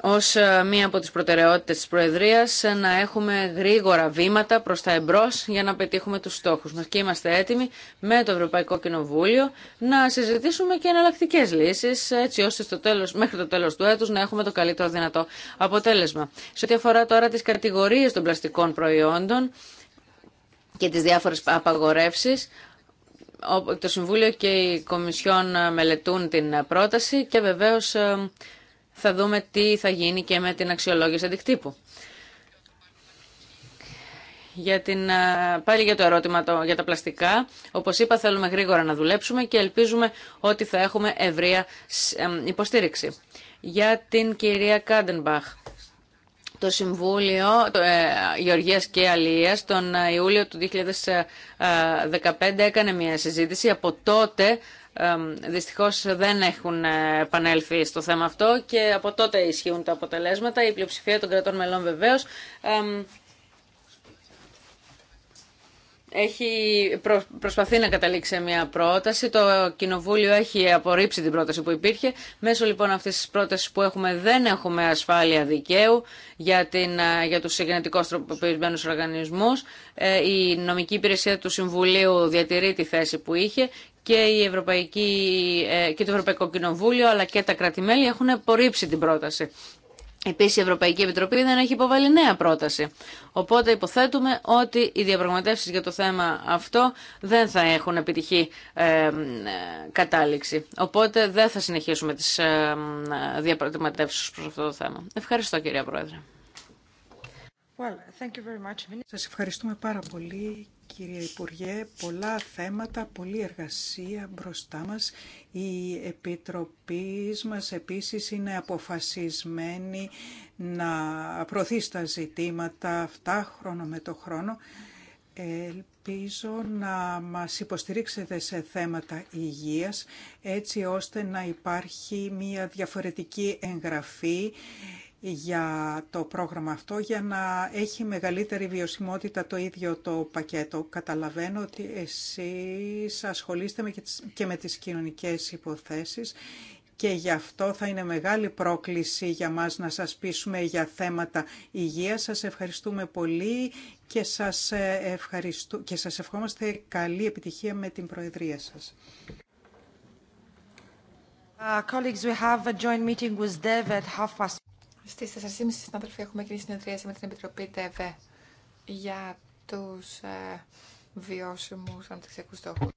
ως ε, μία από τις προτεραιότητες της Προεδρίας ε, να έχουμε γρήγορα βήματα προς τα εμπρός για να πετύχουμε τους στόχους μας. Και είμαστε έτοιμοι με το Ευρωπαϊκό Κοινοβούλιο να συζητήσουμε και εναλλακτικέ λύσεις έτσι ώστε στο τέλος, μέχρι το τέλος του έτους να έχουμε το καλύτερο δυνατό αποτέλεσμα. Σε ό,τι αφορά τώρα τις κατηγορίες των πλαστικών προϊόντων και τις διάφορες απαγορεύσεις, το Συμβούλιο και η Κομισιόν μελετούν την πρόταση και βεβαίως ε, θα δούμε τι θα γίνει και με την αξιολόγηση αντικτύπου. Για την, πάλι για το ερώτημα το, για τα πλαστικά. Όπως είπα θέλουμε γρήγορα να δουλέψουμε και ελπίζουμε ότι θα έχουμε ευρεία υποστήριξη. Για την κυρία Κάντενμπαχ. Το Συμβούλιο το, ε, και Αλίας τον ε, Ιούλιο του 2015 ε, έκανε μια συζήτηση. Από τότε δυστυχώς δεν έχουν ε, επανέλθει στο θέμα αυτό και από τότε ισχύουν τα αποτελέσματα. Η πλειοψηφία των κρατών μελών βεβαίως έχει προ, προσπαθεί να καταλήξει σε μια πρόταση. Το Κοινοβούλιο έχει απορρίψει την πρόταση που υπήρχε. Μέσω λοιπόν αυτής της πρότασης που έχουμε δεν έχουμε ασφάλεια δικαίου για, την, ε, για τους οργανισμού. τροποποιημένους οργανισμούς. Ε, η νομική υπηρεσία του Συμβουλίου διατηρεί τη θέση που είχε και, η Ευρωπαϊκή, ε, και το Ευρωπαϊκό Κοινοβούλιο αλλά και τα κράτη-μέλη έχουν απορρίψει την πρόταση. Επίσης η Ευρωπαϊκή Επιτροπή δεν έχει υποβάλει νέα πρόταση. Οπότε υποθέτουμε ότι οι διαπραγματεύσει για το θέμα αυτό δεν θα έχουν επιτυχή ε, κατάληξη. Οπότε δεν θα συνεχίσουμε τις ε, διαπραγματεύσεις αυτό το θέμα. Ευχαριστώ κυρία Πρόεδρε. Well, ευχαριστούμε πάρα πολύ Κύριε Υπουργέ, πολλά θέματα, πολλή εργασία μπροστά μας. Η Επιτροπή μας επίσης είναι αποφασισμένη να προωθεί στα ζητήματα αυτά χρόνο με το χρόνο. Ελπίζω να μας υποστηρίξετε σε θέματα υγείας έτσι ώστε να υπάρχει μια διαφορετική εγγραφή για το πρόγραμμα αυτό για να έχει μεγαλύτερη βιωσιμότητα το ίδιο το πακέτο. Καταλαβαίνω ότι εσείς ασχολείστε και με τις κοινωνικές υποθέσεις και γι' αυτό θα είναι μεγάλη πρόκληση για μας να σας πείσουμε για θέματα υγείας. Σας ευχαριστούμε πολύ και σας, ε, ευχαριστού... και σας ευχόμαστε καλή επιτυχία με την Προεδρία σας. Uh, we have a joint meeting with Στι 4.30 συνάδελφοι έχουμε κοινή συνεδρίαση με την Επιτροπή ΤΕΒΕ για του ε, βιώσιμους στόχου.